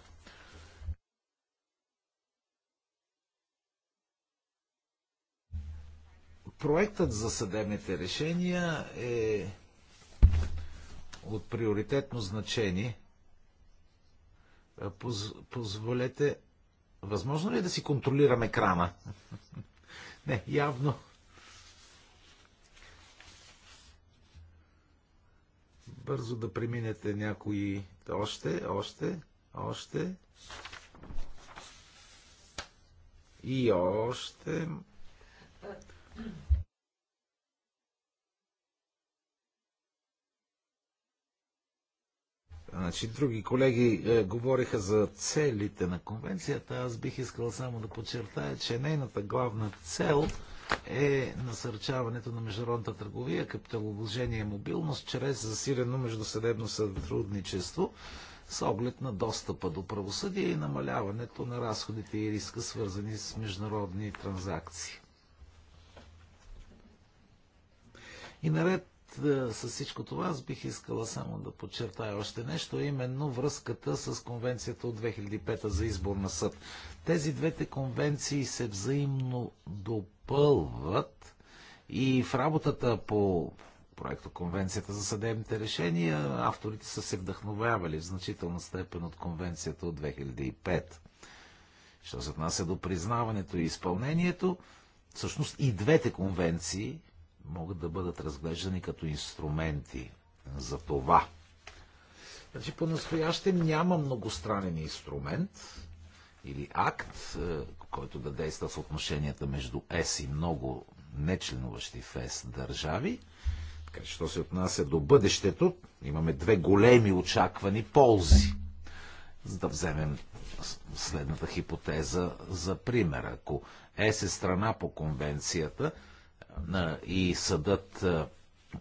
Проектът за съдебните решения е от приоритетно значение. позволете, възможно ли е да си контролирам екрана? Не, явно. Бързо да преминете някои още, още, още. И още. Значи, други колеги е, говориха за целите на конвенцията. Аз бих искал само да подчертая, че нейната главна цел е насърчаването на международната търговия, капиталовложение и мобилност чрез засилено междусъдебно сътрудничество с оглед на достъпа до правосъдие и намаляването на разходите и риска, свързани с международни транзакции. И наред е, с всичко това аз бих искала само да подчертая още нещо, именно връзката с конвенцията от 2005 за избор на съд. Тези двете конвенции се взаимно допълват и в работата по проекто Конвенцията за съдебните решения авторите са се вдъхновявали в значителна степен от Конвенцията от 2005. Що се отнася до признаването и изпълнението, всъщност и двете конвенции могат да бъдат разглеждани като инструменти за това. Значи по-настояще няма многостранен инструмент или акт, е, който да действа в отношенията между ЕС и много нечленуващи в ЕС държави. Така че, що се отнася до бъдещето, имаме две големи очаквани ползи. За да вземем следната хипотеза за пример. Ако ЕС е страна по конвенцията, и съдът е,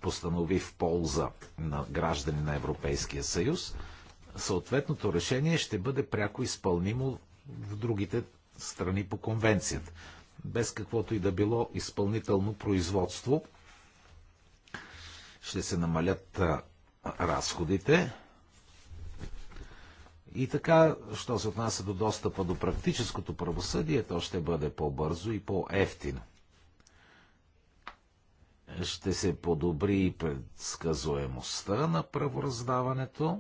постанови в полза на граждани на Европейския съюз, съответното решение ще бъде пряко изпълнимо в другите страни по конвенцията, без каквото и да било изпълнително производство. Ще се намалят е, разходите. И така, що се отнася до достъпа до практическото правосъдие, то ще бъде по-бързо и по-ефтино ще се подобри и предсказуемостта на правораздаването,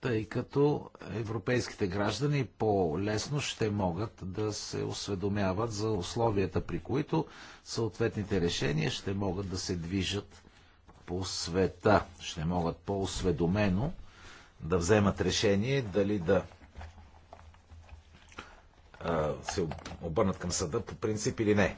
тъй като европейските граждани по-лесно ще могат да се осведомяват за условията, при които съответните решения ще могат да се движат по света, ще могат по-осведомено да вземат решение дали да се обърнат към съда по принцип или не.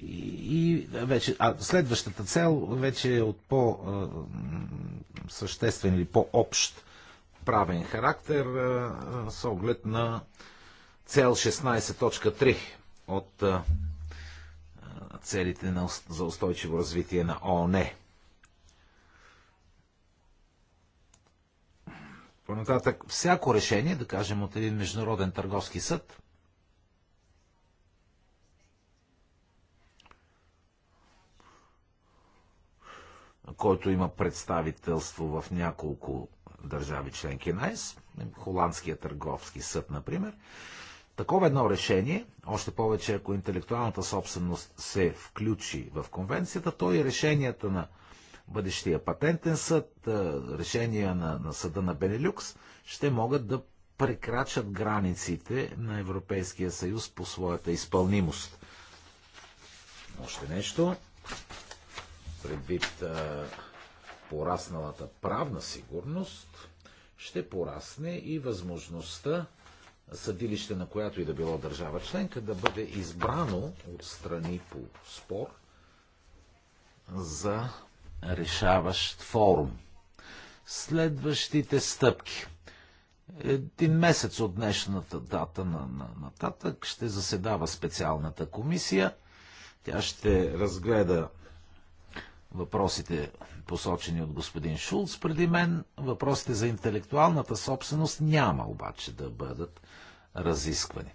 и вече, а следващата цел вече е от по-съществен или по-общ правен характер с оглед на цел 16.3 от целите на, за устойчиво развитие на ООН. Понататък, всяко решение, да кажем от един международен търговски съд, който има представителство в няколко държави членки на ЕС, Холандския търговски съд, например, Такова едно решение, още повече ако интелектуалната собственост се включи в конвенцията, то и решенията на бъдещия патентен съд, е, решения на, на съда на Бенелюкс, ще могат да прекрачат границите на Европейския съюз по своята изпълнимост. Още нещо предвид порасналата правна сигурност, ще порасне и възможността съдилище на която и да било държава членка да бъде избрано от страни по спор за решаващ форум. Следващите стъпки. Един месец от днешната дата на, на, нататък ще заседава специалната комисия. Тя ще разгледа въпросите, посочени от господин Шулц преди мен. Въпросите за интелектуалната собственост няма обаче да бъдат разисквани.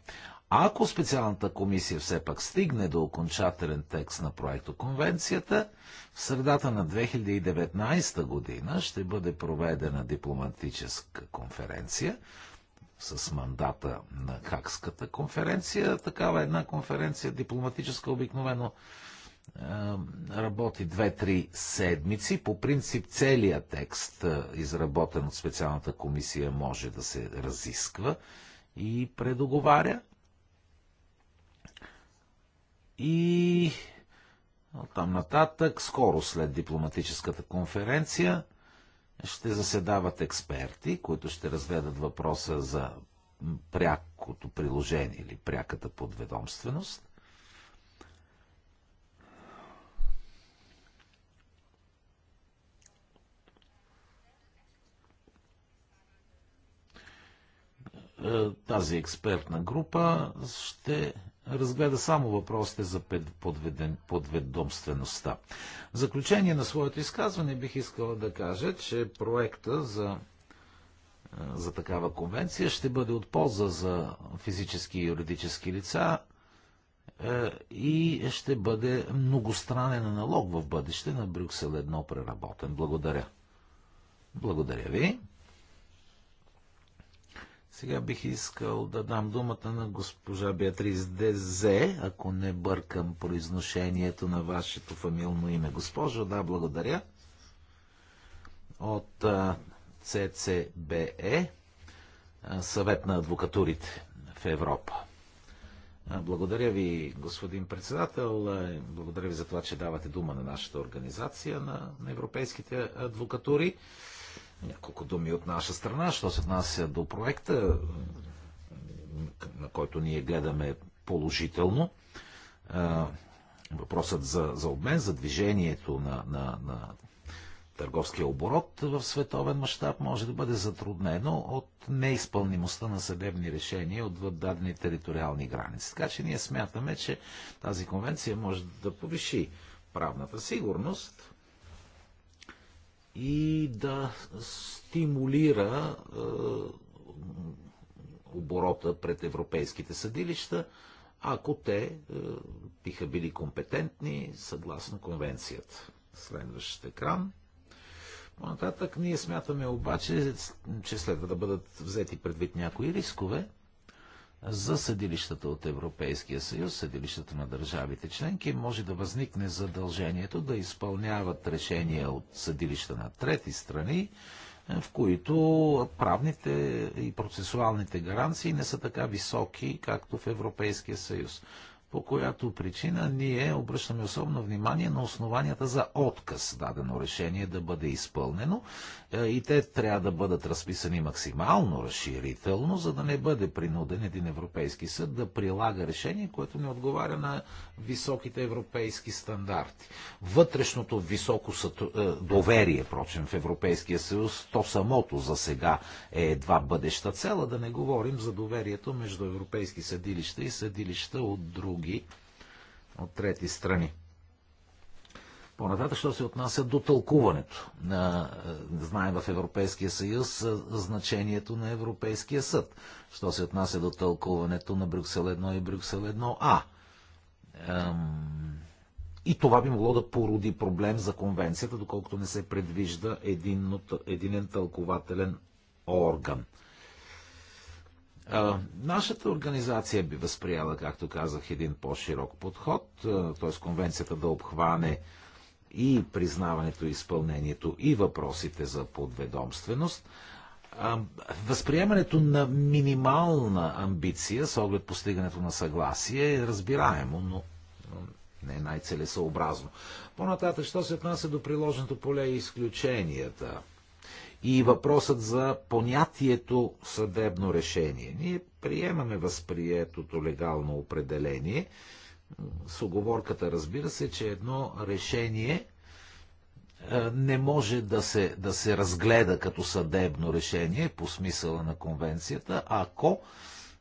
Ако специалната комисия все пак стигне до окончателен текст на проекто конвенцията, в средата на 2019 година ще бъде проведена дипломатическа конференция с мандата на Хакската конференция. Такава една конференция дипломатическа обикновено е, работи 2-3 седмици. По принцип целият текст, е, изработен от специалната комисия, може да се разисква и предоговаря. И там нататък, скоро след дипломатическата конференция, ще заседават експерти, които ще разгледат въпроса за прякото приложение или пряката подведомственост. Е, тази експертна група ще разгледа само въпросите за подведен, подведомствеността. В заключение на своето изказване бих искала да кажа, че проекта за, е, за такава конвенция ще бъде от полза за физически и юридически лица е, и ще бъде многостранен аналог в бъдеще на Брюксел едно преработен. Благодаря. Благодаря ви. Сега бих искал да дам думата на госпожа Беатрис Дезе, ако не бъркам произношението на вашето фамилно име. Госпожо, да, благодаря. От ЦЦБЕ, съвет на адвокатурите в Европа. Благодаря ви, господин председател. Благодаря ви за това, че давате дума на нашата организация на, на европейските адвокатури. Няколко думи от наша страна, що се отнася до проекта, на който ние гледаме положително. Въпросът за, за обмен, за движението на, на, на търговския оборот в световен мащаб може да бъде затруднено от неизпълнимостта на съдебни решения от дадени териториални граници. Така че ние смятаме, че тази конвенция може да повиши правната сигурност и да стимулира е, оборота пред европейските съдилища, ако те е, биха били компетентни съгласно конвенцията. Следващ екран. По-нататък ние смятаме обаче, че следва да бъдат взети предвид някои рискове, за съдилищата от Европейския съюз, съдилищата на държавите членки, може да възникне задължението да изпълняват решения от съдилища на трети страни, е, в които правните и процесуалните гаранции не са така високи, както в Европейския съюз, по която причина ние обръщаме особено внимание на основанията за отказ дадено решение да бъде изпълнено е, и те трябва да бъдат разписани максимално разширително, за да не бъде принуден един европейски съд да прилага решение, което не отговаря на високите европейски стандарти. Вътрешното високо е, доверие, прочим, в Европейския съюз, то самото за сега е едва бъдеща цела, да не говорим за доверието между европейски съдилища и съдилища от други, от трети страни. По-нататък, що се отнася до тълкуването. Е, знаем в Европейския съюз е, значението на Европейския съд. Що се отнася до тълкуването на Брюксел 1 и Брюксел 1А. И това би могло да породи проблем за конвенцията, доколкото не се предвижда един, единен тълкователен орган. нашата организация би възприяла, както казах, един по-широк подход, е, т.е. конвенцията да обхване и признаването и изпълнението и въпросите за подведомственост, възприемането на минимална амбиция с оглед постигането на съгласие е разбираемо, но не е най-целесообразно. По-нататък, що се отнася до приложеното поле и изключенията и въпросът за понятието съдебно решение. Ние приемаме възприетото легално определение – с оговорката, разбира се, че едно решение е, не може да се, да се разгледа като съдебно решение по смисъла на конвенцията, ако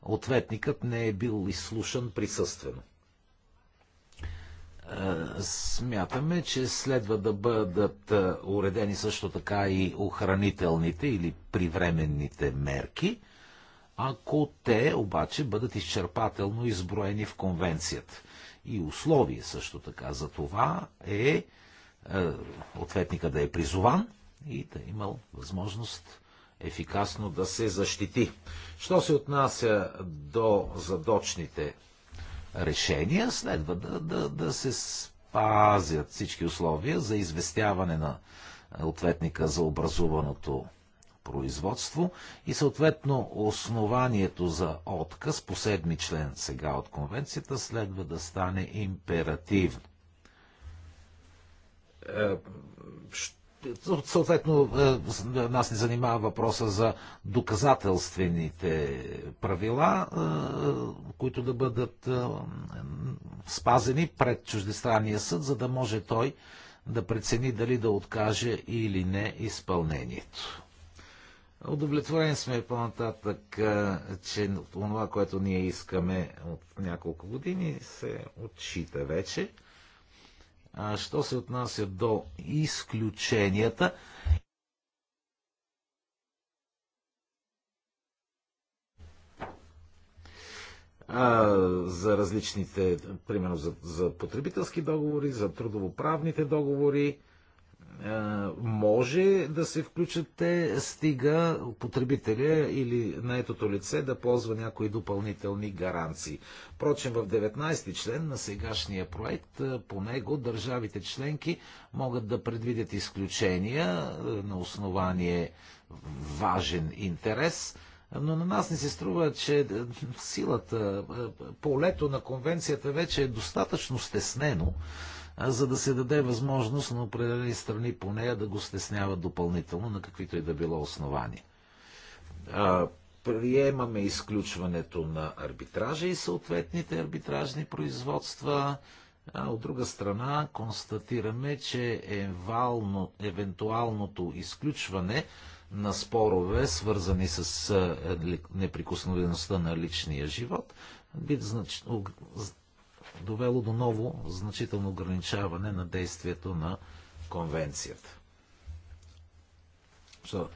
ответникът не е бил изслушан присъствено. Е, смятаме, че следва да бъдат е, уредени също така и охранителните или привременните мерки, ако те обаче бъдат изчерпателно изброени в конвенцията и условие също така за това е, е ответника да е призован и да е имал възможност ефикасно да се защити. Що се отнася до задочните решения, следва да, да, да се спазят всички условия за известяване на ответника за образуваното производство и съответно основанието за отказ по седми член сега от конвенцията следва да стане императивно. Е, съответно, е, нас не занимава въпроса за доказателствените правила, е, които да бъдат спазени пред чуждестранния съд, за да може той да прецени дали да откаже или не изпълнението. Удовлетворени сме по-нататък, че това, което ние искаме от няколко години, се отчита вече. А що се отнася до изключенията, а, за различните, примерно за, за потребителски договори, за трудовоправните договори, а, може да се включат те, стига потребителя или наетото лице да ползва някои допълнителни гаранции. Впрочем, в 19 ти член на сегашния проект, по него държавите членки могат да предвидят изключения на основание важен интерес, но на нас не се струва, че силата, полето на конвенцията вече е достатъчно стеснено, за да се даде възможност на определени страни по нея да го стесняват допълнително на каквито и да било основания. Приемаме изключването на арбитража и съответните арбитражни производства. А от друга страна, констатираме, че евално, евентуалното изключване на спорове, свързани с неприкосновеността на личния живот, би значи, довело до ново значително ограничаване на действието на конвенцията. Що?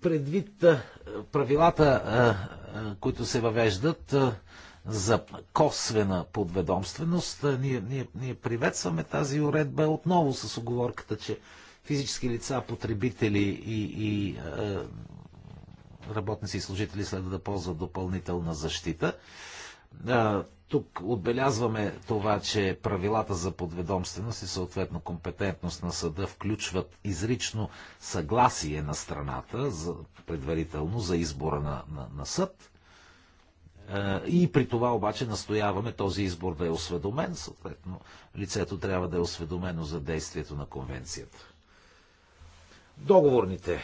Предвид правилата, които се въвеждат за косвена подведомственост, ние, ние, ние приветстваме тази уредба отново с оговорката, че физически лица, потребители и, и работници и служители следва да ползват допълнителна защита. Тук отбелязваме това, че правилата за подведомственост и съответно компетентност на съда включват изрично съгласие на страната за, предварително за избора на, на, на съд. И при това обаче настояваме този избор да е осведомен, съответно лицето трябва да е осведомено за действието на конвенцията. Договорните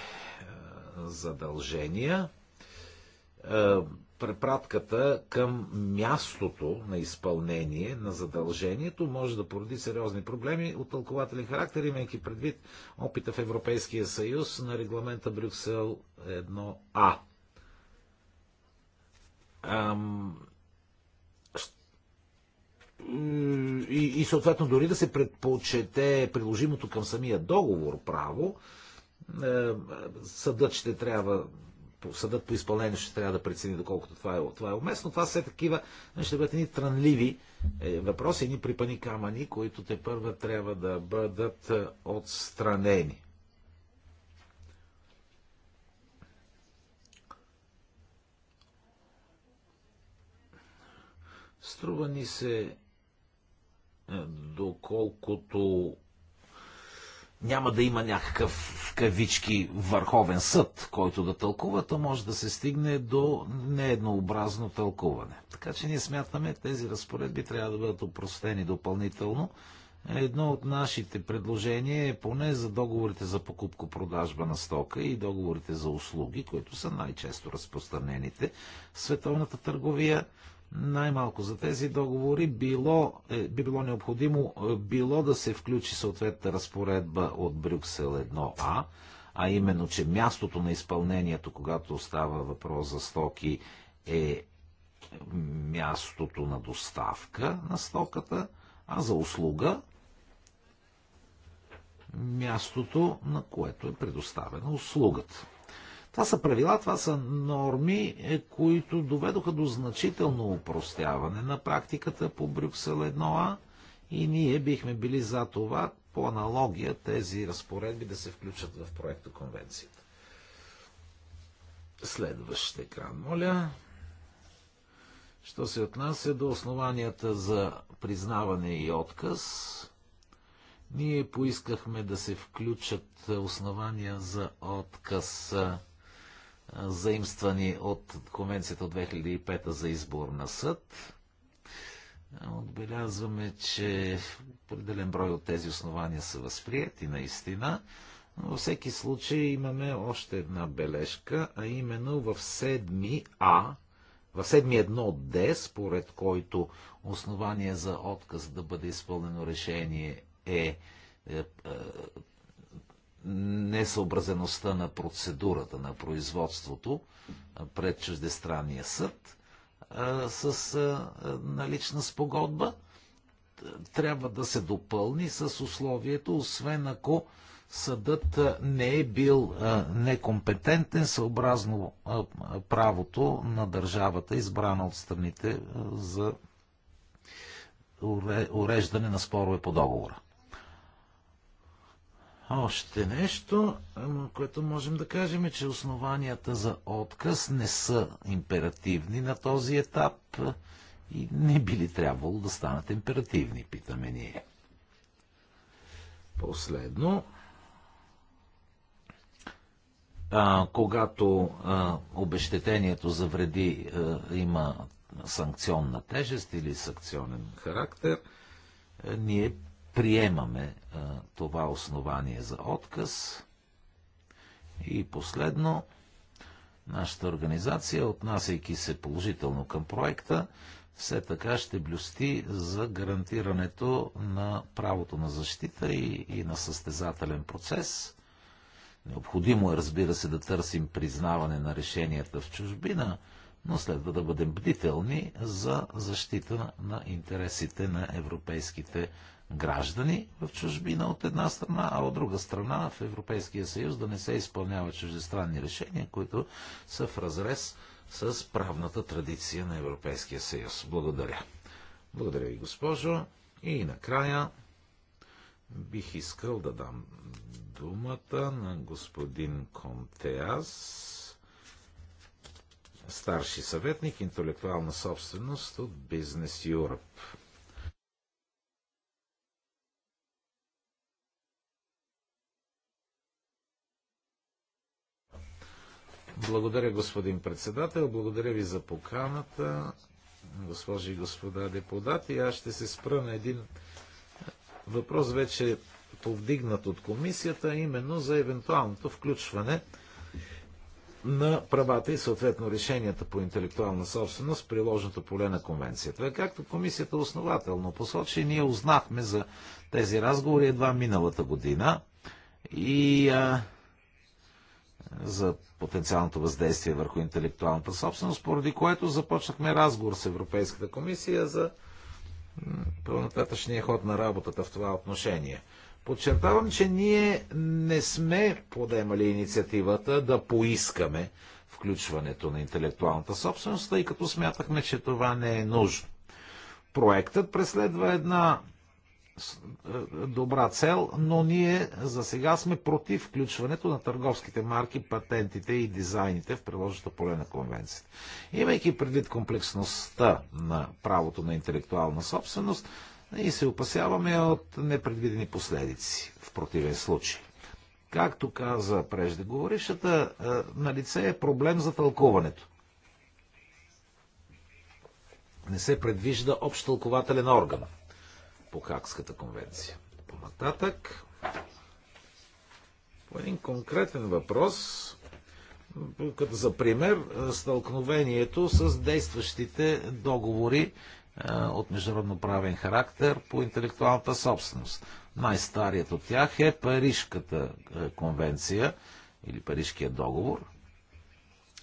задължения препратката към мястото на изпълнение на задължението може да породи сериозни проблеми от тълкователен характер, имайки предвид опита в Европейския съюз на регламента Брюксел 1А. Ам... И, и съответно дори да се предпочете приложимото към самия договор право, е, съдът ще трябва съдът по изпълнение ще трябва да прецени доколкото това е, това е уместно. Това са такива, ще бъдат едни трънливи е, въпроси, едни припани камъни, които те първа трябва да бъдат е, отстранени. Струва ни се, е, доколкото няма да има някакъв в кавички върховен съд, който да тълкува, то може да се стигне до нееднообразно тълкуване. Така че ние смятаме, тези разпоредби трябва да бъдат упростени допълнително. Едно от нашите предложения е поне за договорите за покупко-продажба на стока и договорите за услуги, които са най-често разпространените в световната търговия, най-малко за тези договори било, е, би било необходимо е, било да се включи съответната разпоредба от Брюксел 1А, а именно, че мястото на изпълнението, когато става въпрос за стоки, е мястото на доставка на стоката, а за услуга мястото, на което е предоставена услугата. Това са правила, това са норми, е, които доведоха до значително упростяване на практиката по Брюксел 1А и ние бихме били за това по аналогия тези разпоредби да се включат в проекта конвенцията. Следващ екран, моля. Що се отнася до основанията за признаване и отказ, ние поискахме да се включат основания за отказ заимствани от Конвенцията от 2005 за избор на съд. Отбелязваме, че определен брой от тези основания са възприяти наистина. Но във всеки случай имаме още една бележка, а именно в 7А, в Д, според който основание за отказ да бъде изпълнено решение е, е, е несъобразеността на процедурата, на производството пред чуждестранния съд с налична спогодба трябва да се допълни с условието, освен ако съдът не е бил некомпетентен съобразно правото на държавата, избрана от страните за уреждане на спорове по договора. Още нещо, което можем да кажем е, че основанията за отказ не са императивни на този етап и не били трябвало да станат императивни, питаме ние. Последно, а, когато а, обещетението за вреди а, има санкционна тежест или санкционен характер, а, ние приемаме а, това основание за отказ. И последно, нашата организация, отнасяйки се положително към проекта, все така ще блюсти за гарантирането на правото на защита и, и на състезателен процес. Необходимо е, разбира се, да търсим признаване на решенията в чужбина, но следва да бъдем бдителни за защита на интересите на европейските граждани в чужбина от една страна, а от друга страна в Европейския съюз да не се изпълнява чуждестранни решения, които са в разрез с правната традиция на Европейския съюз. Благодаря. Благодаря ви, госпожо. И накрая бих искал да дам думата на господин Контеас, старши съветник интелектуална собственост от Business Europe. Благодаря, господин председател. Благодаря ви за поканата, госпожи и господа депутати. Аз ще се спра на един въпрос вече повдигнат от комисията, именно за евентуалното включване на правата и съответно решенията по интелектуална собственост в приложното поле на конвенцията. Е, както комисията основателно посочи, ние узнахме за тези разговори едва миналата година и а, за потенциалното въздействие върху интелектуалната собственост, поради което започнахме разговор с Европейската комисия за пълнотатъчния ход на работата в това отношение. Подчертавам, че ние не сме подемали инициативата да поискаме включването на интелектуалната собственост, тъй като смятахме, че това не е нужно. Проектът преследва една е, е, добра цел, но ние за сега сме против включването на търговските марки, патентите и дизайните в приложното поле на конвенцията. Имайки предвид комплексността на правото на интелектуална собственост, и се опасяваме от непредвидени последици в противен случай. Както каза преждеговорившата, е, на лице е проблем за тълкуването. Не се предвижда общ тълкователен орган по Хакската конвенция. по по един конкретен въпрос, като за пример, стълкновението с действащите договори е, от международноправен характер по интелектуалната собственост. Най-старият от тях е Парижката е, конвенция или Парижкият договор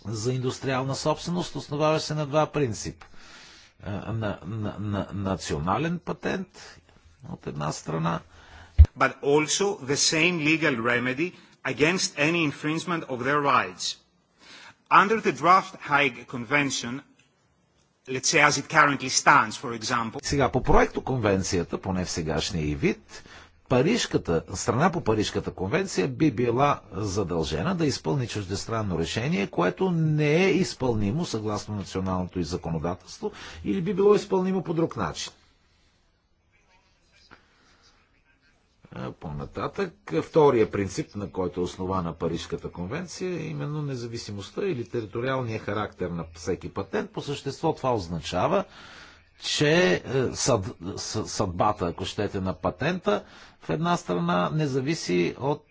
за индустриална собственост, основава се на два принципа. Е, на, на, на национален патент от една страна, but also the same legal remedy against any infringement of their rights. Under the draft Hague Convention, let's say as it currently stands, for example... Сега, по проекто конвенцията, поне в сегашния и вид, Парижката, страна по Парижката конвенция би била задължена да изпълни чуждестранно решение, което не е изпълнимо съгласно националното и законодателство или би било изпълнимо по друг начин. По-нататък, втория принцип, на който е основана Парижката конвенция, е именно независимостта или териториалния характер на всеки патент. По същество това означава, че е, съд, съдбата, ако щете, на патента в една страна не зависи от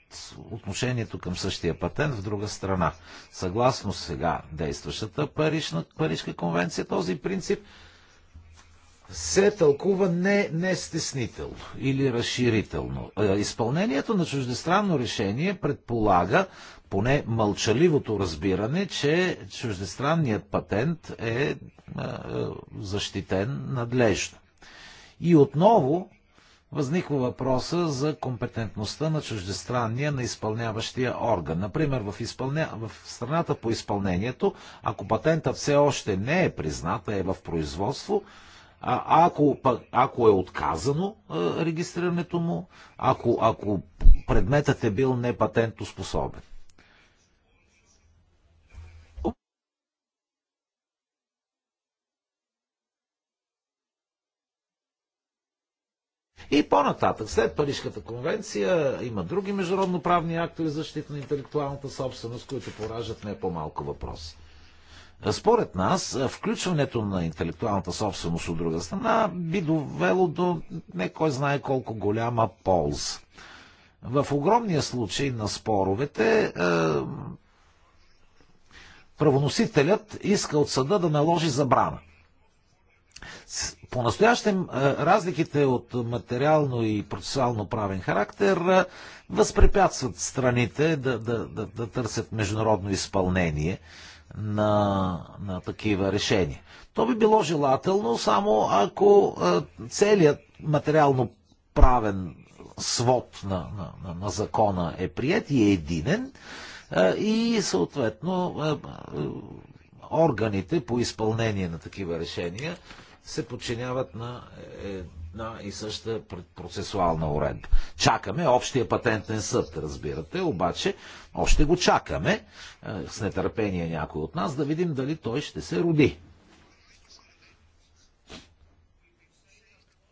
отношението към същия патент в друга страна. Съгласно сега действащата Парижна, Парижка конвенция, този принцип се тълкува не, не стеснително или разширително. Е, изпълнението на чуждестранно решение предполага поне мълчаливото разбиране, че чуждестранният патент е, е защитен надлежно. И отново възниква въпроса за компетентността на чуждестранния на изпълняващия орган. Например, в, изпълня... в страната по изпълнението, ако патентът все още не е призната, е в производство, а, ако, ако е отказано регистрирането му, ако, ако предметът е бил непатентоспособен. И по-нататък, след Парижката конвенция, има други международно правни актове за защита на интелектуалната собственост, които поражат не по-малко въпроси. Според нас, включването на интелектуалната собственост от друга страна би довело до не кой знае колко голяма полза. В огромния случай на споровете е, правоносителят иска от съда да наложи забрана. По-настоящем разликите от материално и процесуално правен характер възпрепятстват страните да, да, да, да търсят международно изпълнение – на, на такива решения. То би било желателно само ако целият материално правен свод на, на, на, на закона е прият и е единен и съответно органите по изпълнение на такива решения се подчиняват на е, на и съща процесуална уредба. Чакаме общия патентен съд, разбирате, обаче още го чакаме е, с нетърпение някой от нас да видим дали той ще се роди.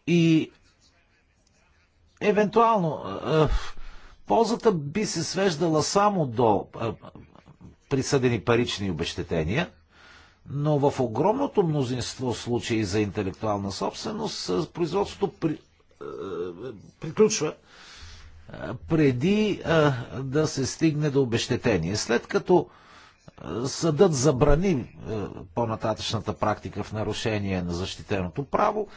И евентуално е, е, ползата би се свеждала само до присъдени парични обещетения – но в огромното мнозинство случаи за интелектуална собственост производството при, приключва преди да се стигне до обещетение. След като съдът забрани по-нататъчната практика в нарушение на защитеното право,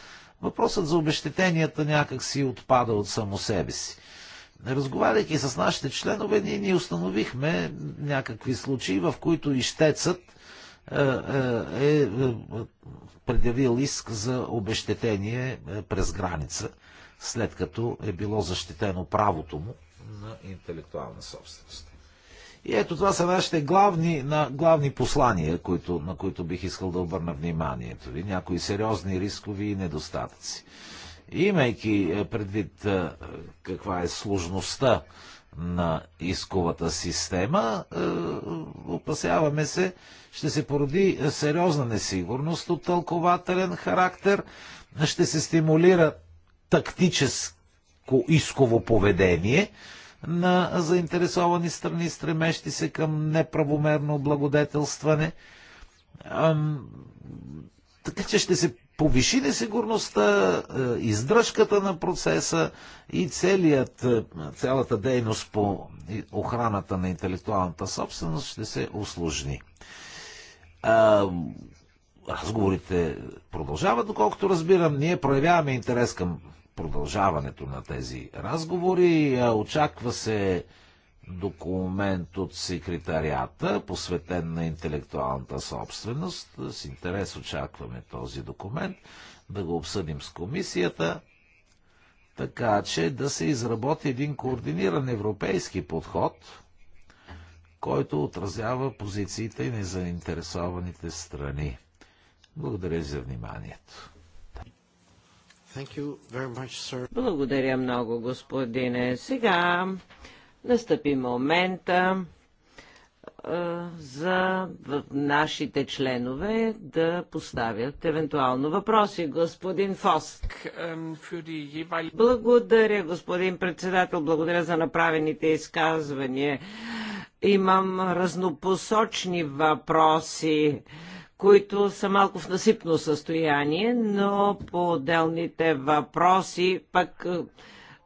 въпросът за обещетенията някак си отпада от само себе си. Разговаряйки с нашите членове, ние ни установихме някакви случаи, в които ищецът е, е, е предявил иск за обещетение е, през граница, след като е било защитено правото му на интелектуална собственост. И ето това са нашите главни, на, главни послания, които, на които бих искал да обърна вниманието ви. Някои сериозни рискови и недостатъци. Имайки предвид каква е сложността на исковата система, е, опасяваме се, ще се породи сериозна несигурност от тълкователен характер, ще се стимулира тактическо исково поведение на заинтересовани страни, стремещи се към неправомерно благодетелстване. Така че ще се повиши несигурността, е, издръжката на процеса и целият, е, цялата дейност по охраната на интелектуалната собственост ще се осложни. Разговорите продължават, доколкото разбирам, ние проявяваме интерес към продължаването на тези разговори. Очаква се документ от секретарията, посветен на интелектуалната собственост. С интерес очакваме този документ, да го обсъдим с комисията, така че да се изработи един координиран европейски подход, който отразява позициите на заинтересованите страни. Благодаря за вниманието. Much, Благодаря много, господине. Сега настъпи момента за нашите членове да поставят евентуално въпроси. Господин Фоск. Благодаря, господин председател. Благодаря за направените изказвания. Имам разнопосочни въпроси които са малко в насипно състояние, но по отделните въпроси пък е,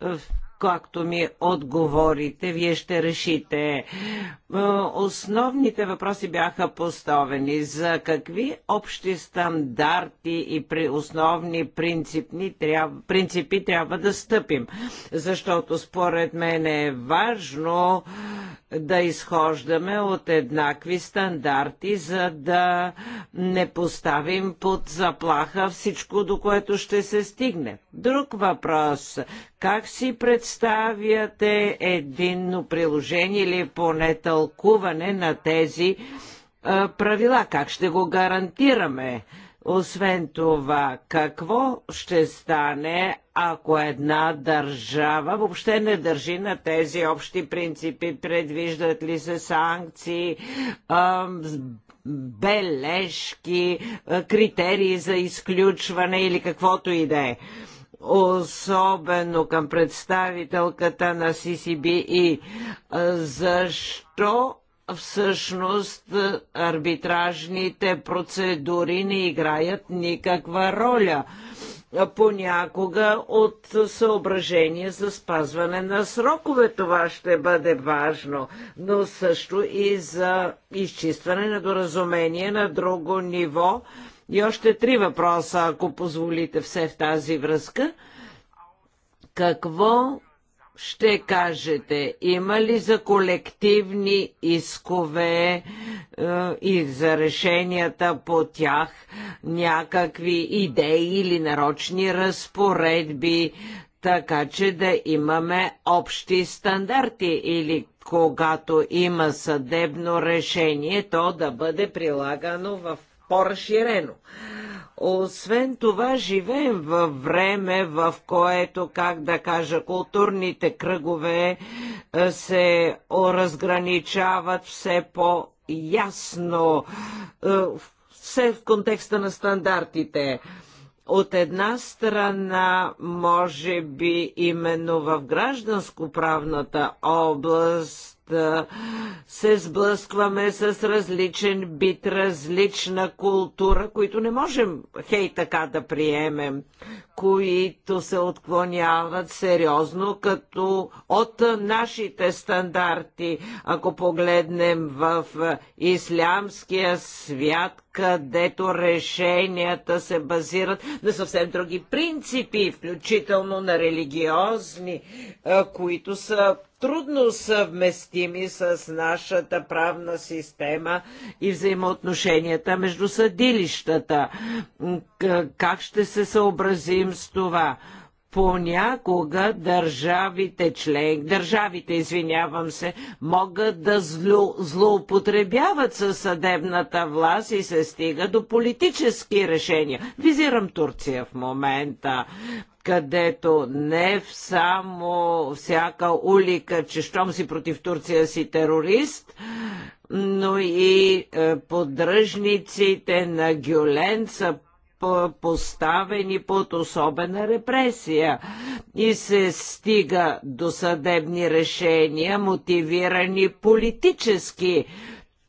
е, както ми отговорите, вие ще решите е, основните въпроси бяха поставени за какви общи стандарти и при основни принципни, тряб, принципи трябва да стъпим. Защото според мен е важно да изхождаме от еднакви стандарти, за да не поставим под заплаха всичко, до което ще се стигне. Друг въпрос. Как си представяте единно приложение или поне тълкуване? тълкуване на тези правила. Как ще го гарантираме? Освен това, какво ще стане, ако една държава въобще не държи на тези общи принципи? Предвиждат ли се санкции, бележки, критерии за изключване или каквото и да е? особено към представителката на CCBI. Защо всъщност арбитражните процедури не играят никаква роля? понякога от съображение за спазване на срокове. Това ще бъде важно, но също и за изчистване на доразумение на друго ниво и още три въпроса, ако позволите все в тази връзка. Какво ще кажете, има ли за колективни искове е, и за решенията по тях някакви идеи или нарочни разпоредби, така че да имаме общи стандарти или когато има съдебно решение, то да бъде прилагано в по-разширено. Освен това, живеем във време, в което, как да кажа, културните кръгове е, се разграничават все по-ясно, е, все в контекста на стандартите. От една страна, може би именно в гражданско-правната област се сблъскваме с различен бит, различна култура, които не можем хей така да приемем, които се отклоняват сериозно като от нашите стандарти. Ако погледнем в ислямския свят, където решенията се базират на съвсем други принципи, включително на религиозни, които са трудно съвместими с нашата правна система и взаимоотношенията между съдилищата. Как ще се съобразим с това? понякога държавите член, държавите, извинявам се, могат да зло, злоупотребяват със съдебната власт и се стига до политически решения. Визирам Турция в момента където не само всяка улика, че щом си против Турция си терорист, но и е, поддръжниците на Гюлен са поставени под особена репресия и се стига до съдебни решения, мотивирани политически,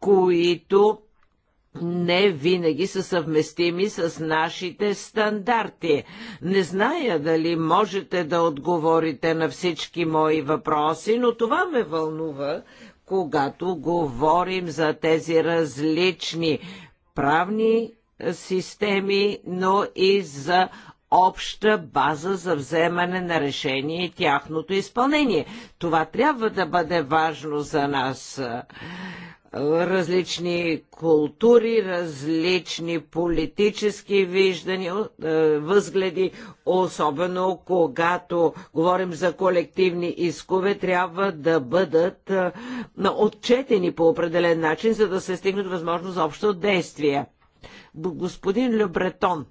които не винаги са съвместими с нашите стандарти. Не зная дали можете да отговорите на всички мои въпроси, но това ме вълнува, когато говорим за тези различни правни системи, но и за обща база за вземане на решение и тяхното изпълнение. Това трябва да бъде важно за нас различни култури, различни политически виждания, е, възгледи, особено когато говорим за колективни искове, трябва да бъдат е, отчетени по определен начин, за да се стигнат възможност за общо действие. Господин Любретон,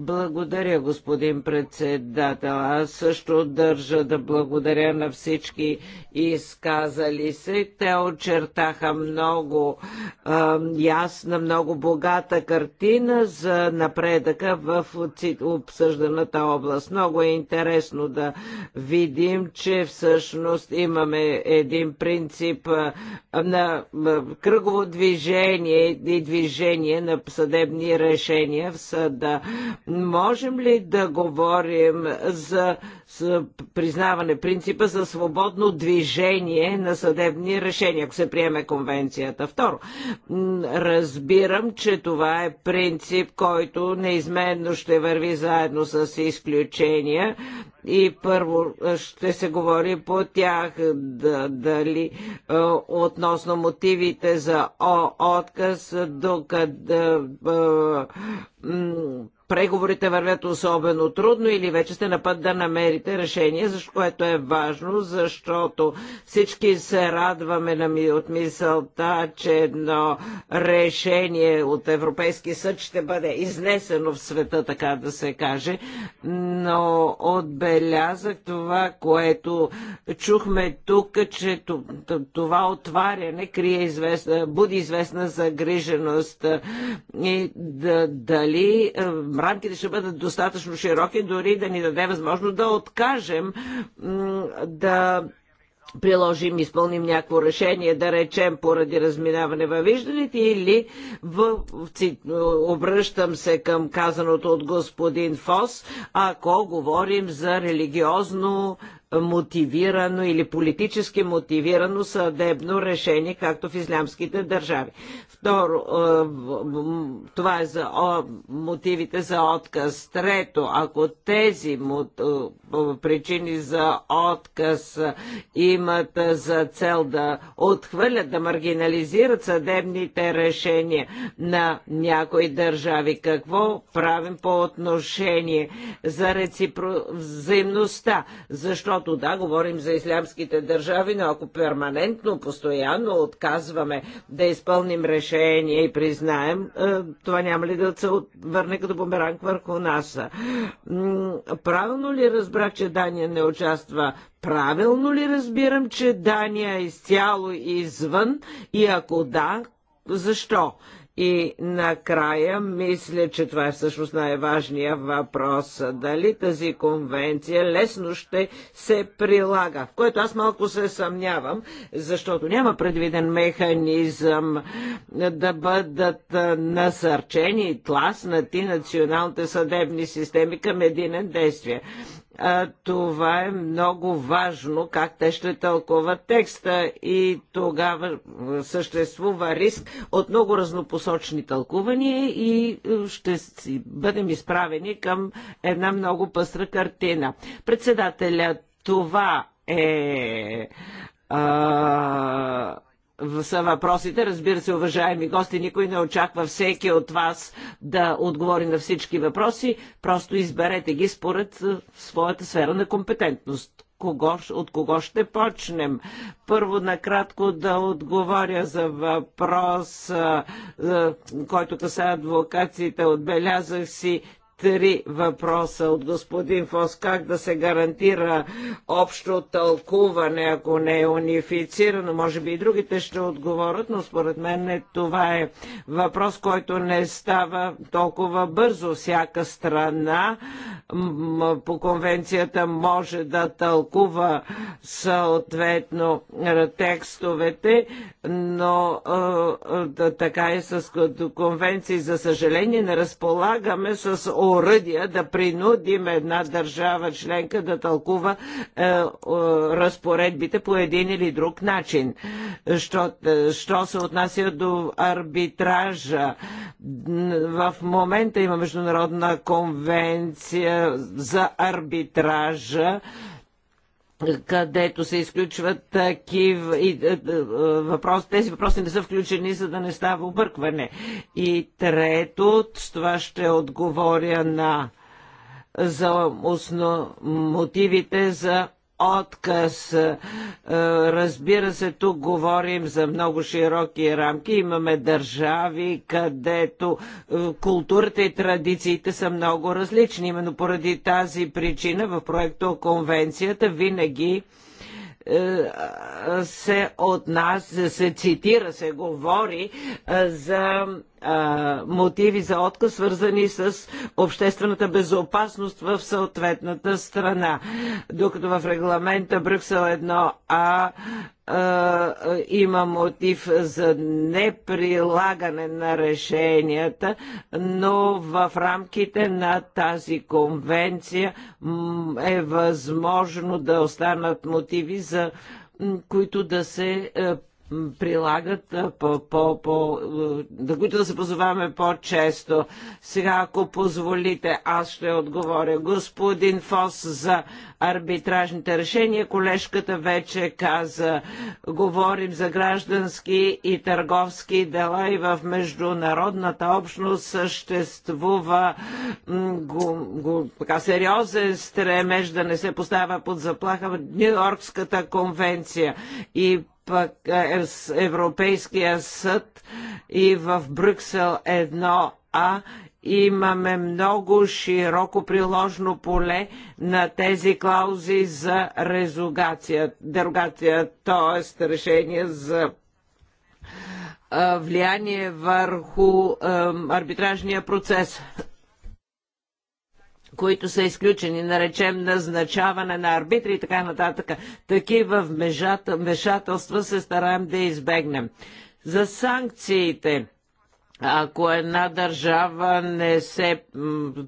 благодаря, господин председател. Аз също държа да благодаря на всички изказали се. Те очертаха много е, ясна, много богата картина за напредъка в обсъжданата област. Много е интересно да видим, че всъщност имаме един принцип на кръгово движение и движение на съдебни решения в съда Можем ли да говорим за, за признаване принципа за свободно движение на съдебни решения, ако се приеме конвенцията? Второ, разбирам, че това е принцип, който неизменно ще върви заедно с изключения и първо ще се говори по тях, дали относно мотивите за отказ, докъде преговорите вървят особено трудно или вече сте на път да намерите решение, защо, което е важно, защото всички се радваме на ми, от мисълта, че едно решение от Европейски съд ще бъде изнесено в света, така да се каже, но отбелязах това, което чухме тук, че това отваряне крие известна, буди известна загриженост и дали рамките ще бъдат достатъчно широки, дори да ни даде възможност да откажем да приложим, изпълним някакво решение, да речем поради разминаване във вижданите или в, обръщам се към казаното от господин Фос, ако говорим за религиозно мотивирано или политически мотивирано съдебно решение, както в ислямските държави. Второ, е, това е за мотивите за отказ. Трето, ако тези е, е, причини за отказ имат за цел да отхвърлят, да маргинализират съдебните решения на някои държави, какво правим по отношение за реципро... взаимността? Защо защото да, говорим за ислямските държави, но ако перманентно, постоянно отказваме да изпълним решение и признаем, е, това няма ли да се върне като бомеранг върху нас? Правилно ли разбрах, че Дания не участва Правилно ли разбирам, че Дания е изцяло извън и ако да, защо? И накрая, мисля, че това е всъщност най-важният въпрос. Дали тази конвенция лесно ще се прилага? В което аз малко се съмнявам, защото няма предвиден механизъм да бъдат насърчени и тласнати националните съдебни системи към единен действие това е много важно, как те ще тълкуват текста и тогава съществува риск от много разнопосочни тълкувания и е, ще си бъдем изправени към една много пъстра картина. Председателя, това е а, са въпросите. Разбира се, уважаеми гости, никой не очаква всеки от вас да отговори на всички въпроси. Просто изберете ги според своята сфера на компетентност. Кого, от кого ще почнем? Първо накратко да отговоря за въпрос, който каса адвокациите. Отбелязах си, три въпроса от господин Фос, как да се гарантира общо тълкуване, ако не е унифицирано. Може би и другите ще отговорят, но според мен не, това е въпрос, който не става толкова бързо. Всяка страна по конвенцията може да тълкува съответно текстовете, но да, така е с конвенции. За съжаление не разполагаме с оръдия да принудим една държава членка да тълкува е, е, разпоредбите по един или друг начин. Що, е, що се отнася до арбитража? В момента има международна конвенция за арбитража, където се изключват такива и, е, е, въпрос, тези въпроси не са включени, за да не става объркване. И трето, с това ще отговоря на за основ, мотивите за отказ. Е, разбира се, тук говорим за много широки рамки. Имаме държави, където е, културата и традициите са много различни. Именно поради тази причина в проекто Конвенцията винаги е, се от нас се цитира, се говори за а, мотиви за отказ, свързани с обществената безопасност в съответната страна. Докато в регламента Брюксел 1А има мотив за неприлагане на решенията, но в рамките на тази конвенция е възможно да останат мотиви за които да се е, прилагат по, по, по, на които да се позоваваме по-често. Сега, ако позволите, аз ще отговоря. Господин Фос за арбитражните решения. Колежката вече каза, говорим за граждански и търговски дела и в международната общност съществува го, го, така, сериозен стремеж да не се поставя под заплаха Нью-Йоркската конвенция и пък е, Европейския съд и в Брюксел 1А имаме много широко приложно поле на тези клаузи за резогация, дерогация, т.е. решение за влияние върху арбитражния процес които са изключени, наречем назначаване на арбитри и така нататък. Такива вмешателства се стараем да избегнем. За санкциите ако една държава не се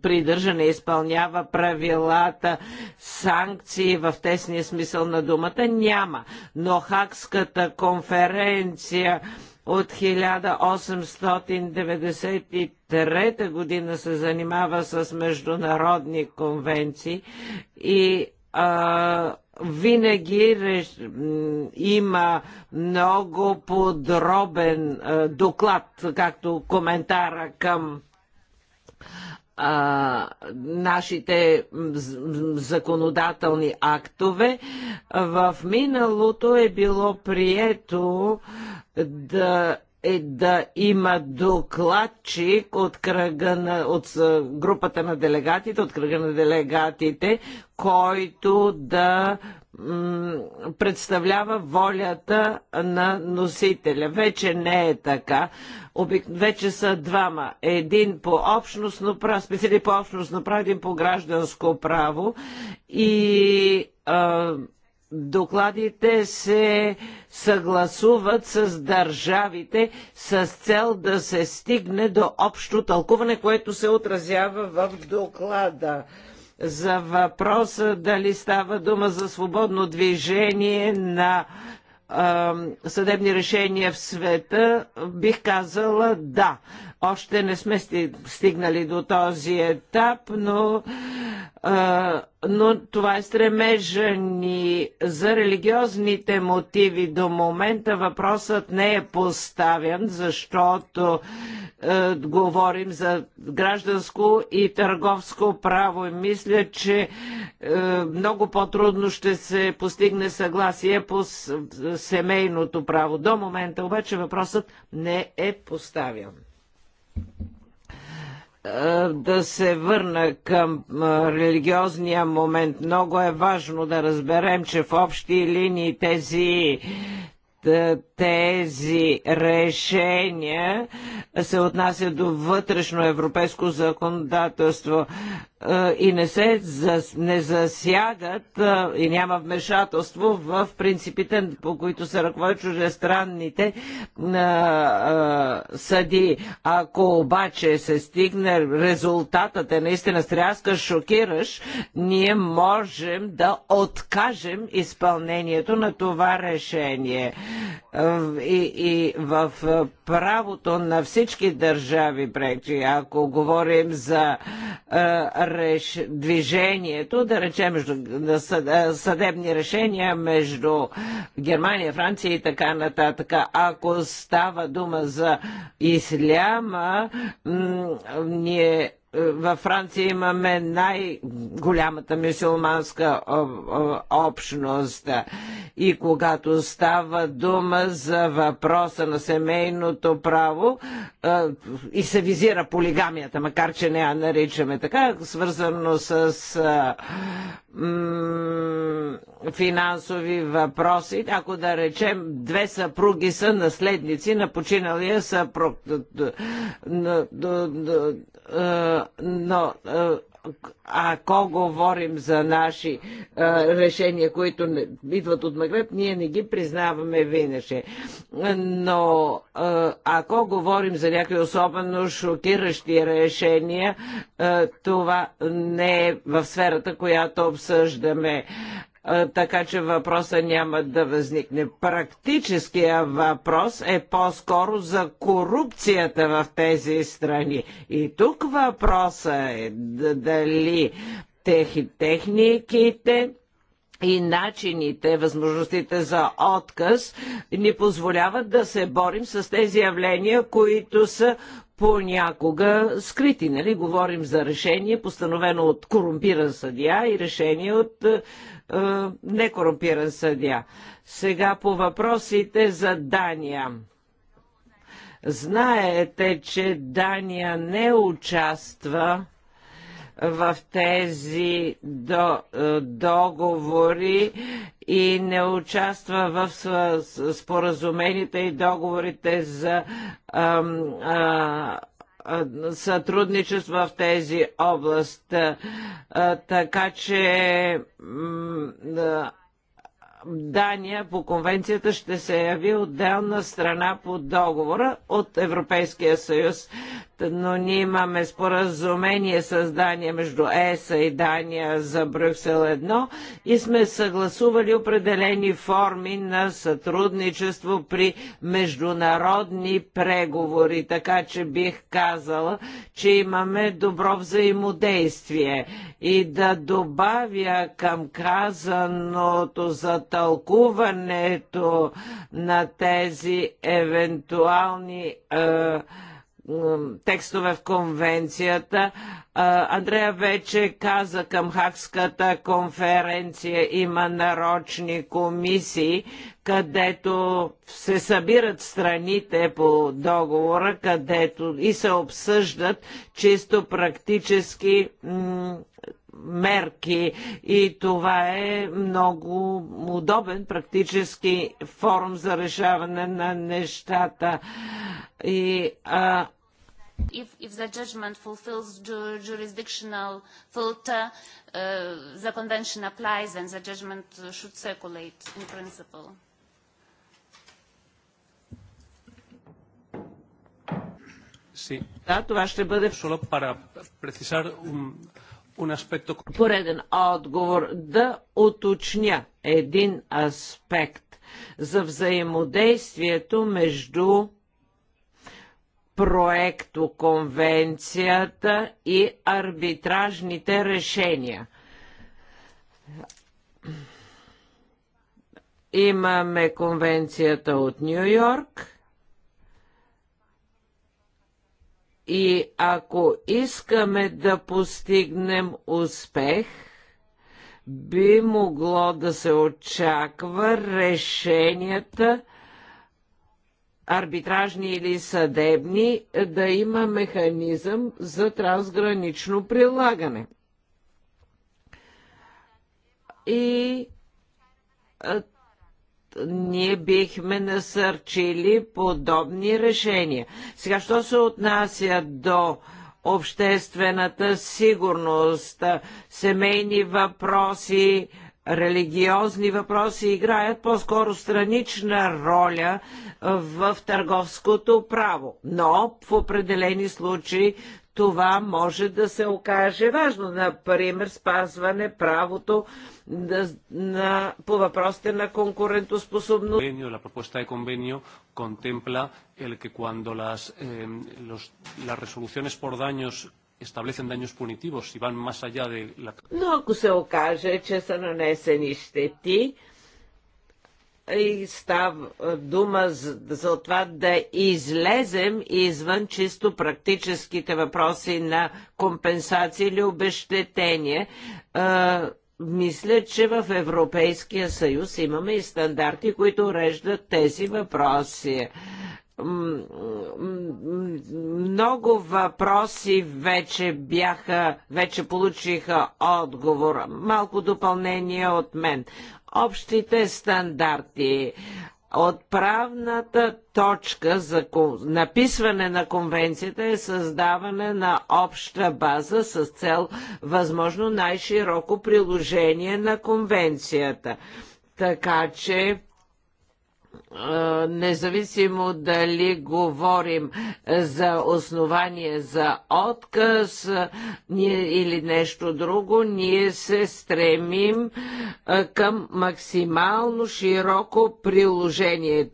придържа, не изпълнява правилата, санкции в тесния смисъл на думата няма. Но Хакската конференция от 1893 година се занимава с международни конвенции и а, винаги реш... има много подробен а, доклад, както коментара към нашите законодателни актове. В миналото е било прието да е да има докладчик от кръга на, от групата на делегатите, от кръга на делегатите, който да представлява волята на носителя. Вече не е така. Обик... Вече са двама. Един по общностно право, специали по общностно право, един по гражданско право и а, Докладите се съгласуват с държавите с цел да се стигне до общо тълкуване, което се отразява в доклада за въпроса дали става дума за свободно движение на съдебни решения в света, бих казала да. Още не сме стигнали до този етап, но, а, но това е стремежа ни. За религиозните мотиви до момента въпросът не е поставен, защото а, говорим за гражданско и търговско право. И мисля, че а, много по-трудно ще се постигне съгласие по семейното право. До момента обаче въпросът не е поставен да се върна към религиозния момент. Много е важно да разберем, че в общи линии тези тези решения се отнасят до вътрешно европейско законодателство. Е, и не се не засягат е, и няма вмешателство в принципите, по които се ръководят чужестранните е, съди. Ако обаче се стигне резултатът е наистина стряска, шокираш, ние можем да откажем изпълнението на това решение и, и в правото на всички държави пречи. Ако говорим за реш, движението, да речем между, на съд, съдебни решения между Германия, Франция и така нататък, ако става дума за исляма, ние е, във Франция имаме най-голямата мюсюлманска общност. И когато става дума за въпроса на семейното право е, и се визира полигамията, макар че не я наричаме така, свързано с е, финансови въпроси. Ако да речем, две съпруги са наследници на починалия съпруг е, но е, ако говорим за наши а, е, решения, които не, идват от Магреб, ние не ги признаваме винаше. Но а, ако говорим за някои особено шокиращи решения, а, това не е в сферата, която обсъждаме така че въпроса няма да възникне. Практическия въпрос е по-скоро за корупцията в тези страни. И тук въпроса е дали техниките и начините, възможностите за отказ ни позволяват да се борим с тези явления, които са понякога скрити. Нали? Говорим за решение, постановено от корумпиран съдия и решение от е, некорумпиран съдия. Сега по въпросите за Дания. Знаете, че Дания не участва в тези до, е, договори и не участва в споразумените и договорите за а, сътрудничество в тези област. Така че Дания по конвенцията ще се яви отделна страна по договора от Европейския съюз, но ние имаме споразумение с Дания между ЕСА и Дания за Брюксел 1 и сме съгласували определени форми на сътрудничество при международни преговори, така че бих казала, че имаме добро взаимодействие. И да добавя към казаното за тълкуването на тези евентуални е, текстове в конвенцията. Е, Андрея вече каза към Хакската конференция има нарочни комисии, където се събират страните по договора, където и се обсъждат чисто практически мерки и това е много удобен практически форум за решаване на нещата. И а, if, if the judgment fulfills ju jurisdictional filter, uh, the convention applies and the judgment should circulate in principle. Sí. Да, това ще бъде. Solo para precisar un, Пореден отговор да уточня един аспект за взаимодействието между проекто конвенцията и арбитражните решения. Имаме конвенцията от Нью Йорк – И ако искаме да постигнем успех, би могло да се очаква решенията, арбитражни или съдебни, да има механизъм за трансгранично прилагане. И ние бихме насърчили подобни решения. Сега, що се отнася до обществената сигурност, семейни въпроси, религиозни въпроси играят по-скоро странична роля в търговското право, но в определени случаи това може да се окаже важно. Например, спазване правото да, на, по въпросите на конкурентоспособност. La propuesta de convenio contempla el que cuando las, eh, los, las resoluciones por daños establecen daños punitivos y van más allá de la... Но ако се окаже, че са нанесени щети, и става дума за, за това да излезем извън чисто практическите въпроси на компенсация или обещетение. А, мисля, че в Европейския съюз имаме и стандарти, които уреждат тези въпроси много въпроси вече бяха, вече получиха отговор. Малко допълнение от мен общите стандарти. Отправната точка за написване на конвенцията е създаване на обща база с цел възможно най-широко приложение на конвенцията. Така че независимо дали говорим за основание за отказ или нещо друго, ние се стремим към максимално широко приложение.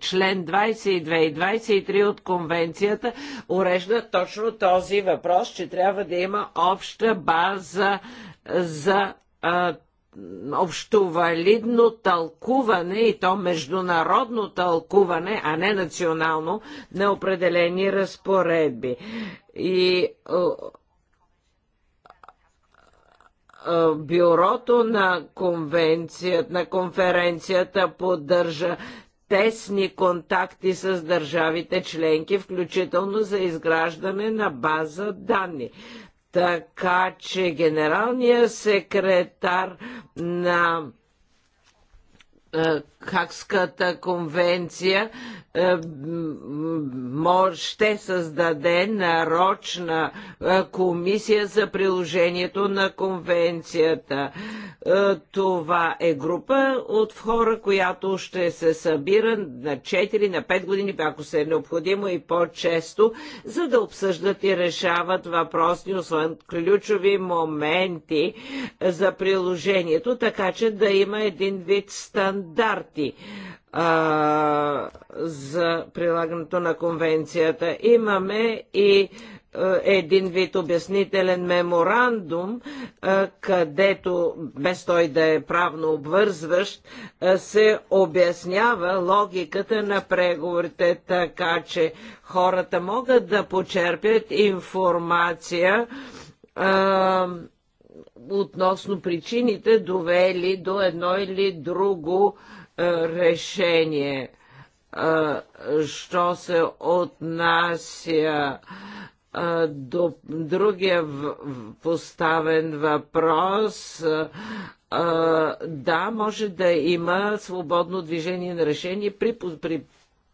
Член 22 и 23 от конвенцията урежда точно този въпрос, че трябва да има обща база за общо валидно тълкуване и то международно тълкуване, а не национално, на определени разпоредби. И бюрото на конвенцията, на конференцията поддържа тесни контакти с държавите членки, включително за изграждане на база данни. Така че генералният секретар на е, Хакската конвенция е, ще създаде нарочна е, комисия за приложението на конвенцията. Това е група от хора, която ще се събира на 4, на 5 години, ако се е необходимо и по-често, за да обсъждат и решават въпросни, освен ключови моменти за приложението, така че да има един вид стандарт стандарти а, за прилагането на конвенцията. Имаме и един вид обяснителен меморандум, където, без той да е правно обвързващ, се обяснява логиката на преговорите, така че хората могат да почерпят информация относно причините довели до едно или друго е, решение. Е, що се отнася е, до другия поставен въпрос, да, може да има свободно движение на решение при, при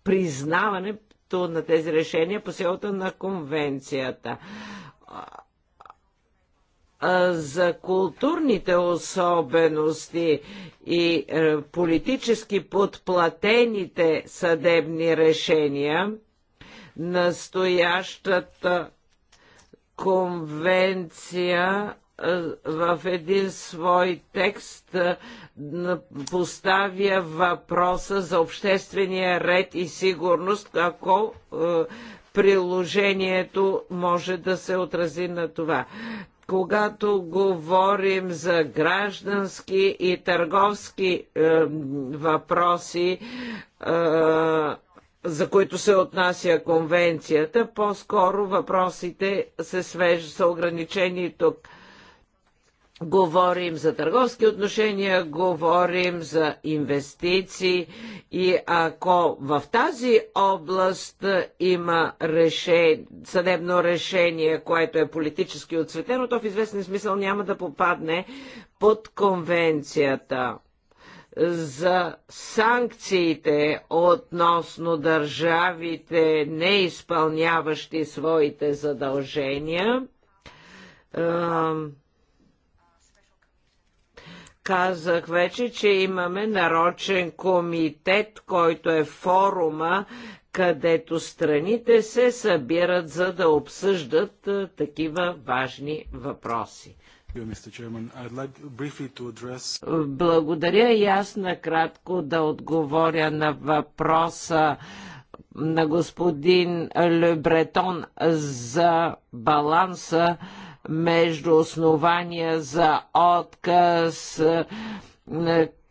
признаването на тези решения по силата на конвенцията за културните особености и е, политически подплатените съдебни решения, настоящата конвенция е, в един свой текст е, поставя въпроса за обществения ред и сигурност, ако приложението може да се отрази на това когато говорим за граждански и търговски е, въпроси, е, за които се отнася конвенцията, по-скоро въпросите се свежат, са ограничени тук. Говорим за търговски отношения, говорим за инвестиции и ако в тази област има решение, съдебно решение, което е политически отцветено, то в известен смисъл няма да попадне под конвенцията за санкциите относно държавите, не изпълняващи своите задължения. Казах вече, че имаме нарочен комитет, който е форума, където страните се събират за да обсъждат такива важни въпроси. Благодаря и аз накратко да отговоря на въпроса на господин Лебретон за баланса между основания за отказ, е,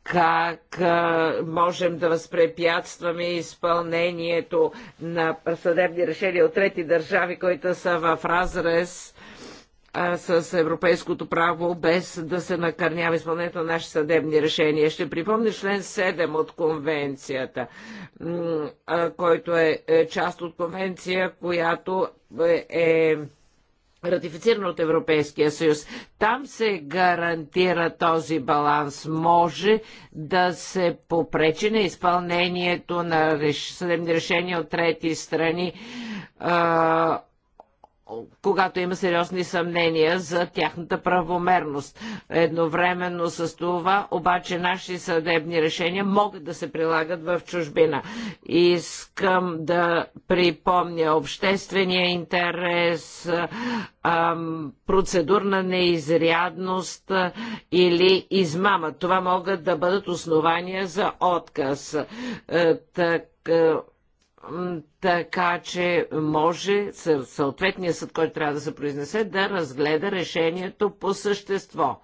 как е, можем да възпрепятстваме изпълнението на съдебни решения от трети държави, които са в разрез е, с европейското право, без да се накърнява изпълнението на наши съдебни решения. Ще припомня член 7 от конвенцията, който е част от конвенция, която е Ратифицирано от Европейския съюз. Там се гарантира този баланс. Може да се попречи на изпълнението на съдебни решения от трети страни когато има сериозни съмнения за тяхната правомерност. Едновременно с това, обаче, наши съдебни решения могат да се прилагат в чужбина. Искам да припомня обществения интерес, процедурна неизрядност или измама. Това могат да бъдат основания за отказ. Е, така, е, така че може съответният съд, който трябва да се произнесе, да разгледа решението по същество.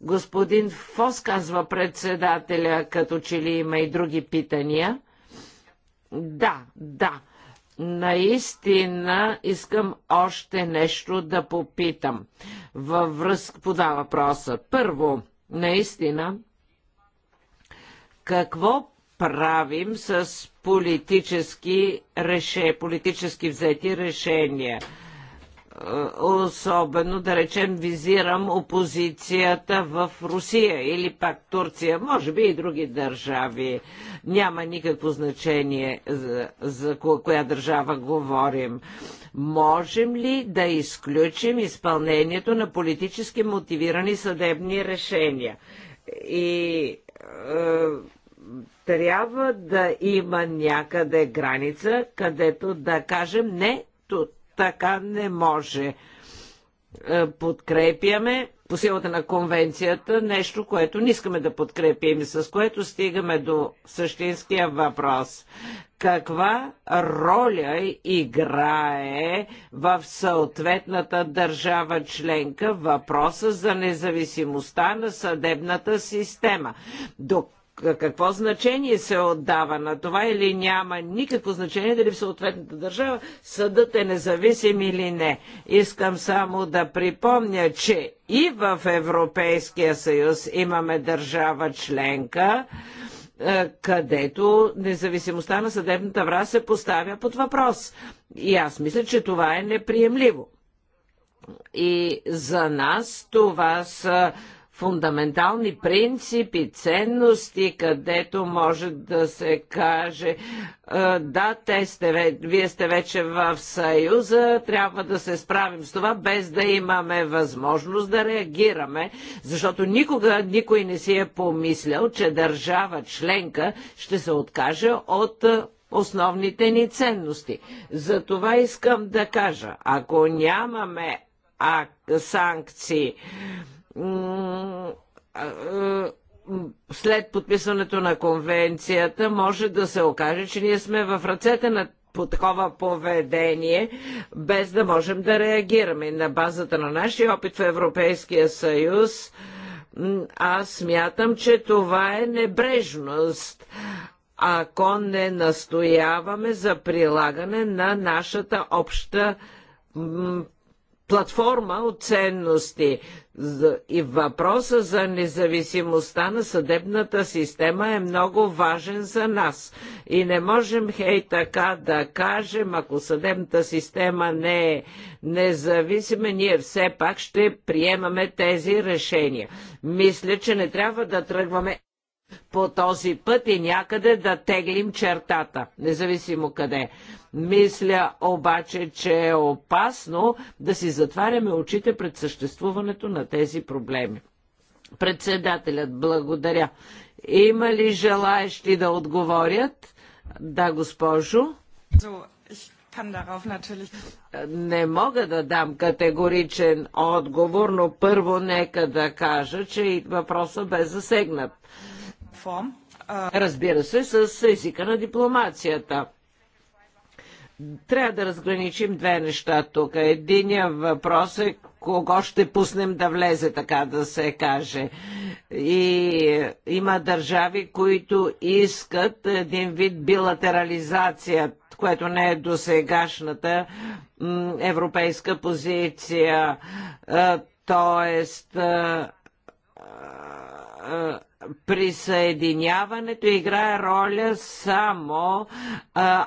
Господин Фос казва председателя, като че ли има и други питания. Да, да. Наистина искам още нещо да попитам във връзка по два въпроса. Първо, наистина, какво правим с политически, реше, политически взети решения е, особено, да речем, визирам опозицията в Русия или пак Турция, може би и други държави. Няма никакво значение за, за коя държава говорим. Можем ли да изключим изпълнението на политически мотивирани съдебни решения? И е, трябва да има някъде граница, където да кажем не, то така не може. Е, подкрепяме по силата на конвенцията нещо, което не искаме да подкрепим, с което стигаме до същинския въпрос. Каква роля играе в съответната държава членка въпроса за независимостта на съдебната система? До какво значение се отдава на това или няма никакво значение дали в съответната държава съдът е независим или не. Искам само да припомня, че и в Европейския съюз имаме държава членка, е, където независимостта на съдебната власт се поставя под въпрос. И аз мисля, че това е неприемливо. И за нас това са фундаментални принципи, ценности, където може да се каже да, те сте, вие сте вече в Съюза, трябва да се справим с това, без да имаме възможност да реагираме, защото никога никой не си е помислял, че държава членка ще се откаже от основните ни ценности. За това искам да кажа, ако нямаме санкции, след подписването на конвенцията може да се окаже, че ние сме в ръцете на по такова поведение, без да можем да реагираме. На базата на нашия опит в Европейския съюз, аз смятам, че това е небрежност, ако не настояваме за прилагане на нашата обща платформа от ценности. И въпроса за независимостта на съдебната система е много важен за нас. И не можем хей така да кажем, ако съдебната система не е независима, ние все пак ще приемаме тези решения. Мисля, че не трябва да тръгваме по този път и някъде да теглим чертата, независимо къде. Мисля обаче, че е опасно да си затваряме очите пред съществуването на тези проблеми. Председателят, благодаря. Има ли желаещи да отговорят? Да, госпожо. Не мога да дам категоричен отговор, но първо нека да кажа, че въпросът бе засегнат. Разбира се, с езика на дипломацията. Трябва да разграничим две неща тук. Единия въпрос е кого ще пуснем да влезе, така да се каже. И има държави, които искат един вид билатерализация, което не е до сегашната европейска позиция. Тоест, присъединяването играе роля само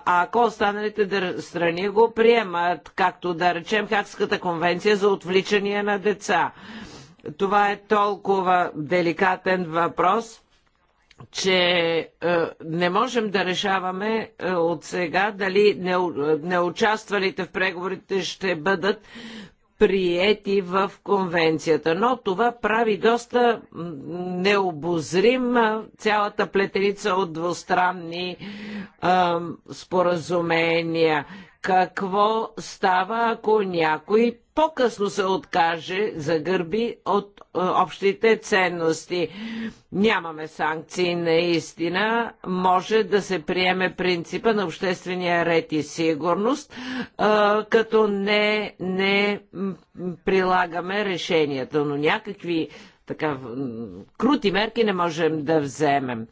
ако останалите страни го приемат, както да речем Хакската конвенция за отвличане на деца. Това е толкова деликатен въпрос че е, не можем да решаваме е, от сега дали неучаствалите в преговорите ще бъдат приети в конвенцията. Но това прави доста необозрим цялата плетеница от двустранни а, споразумения. Какво става, ако някой по-късно се откаже, загърби от е, общите ценности. Нямаме санкции наистина. Може да се приеме принципа на обществения ред и сигурност, е, като не, не прилагаме решението. Но някакви така крути мерки не можем да вземем.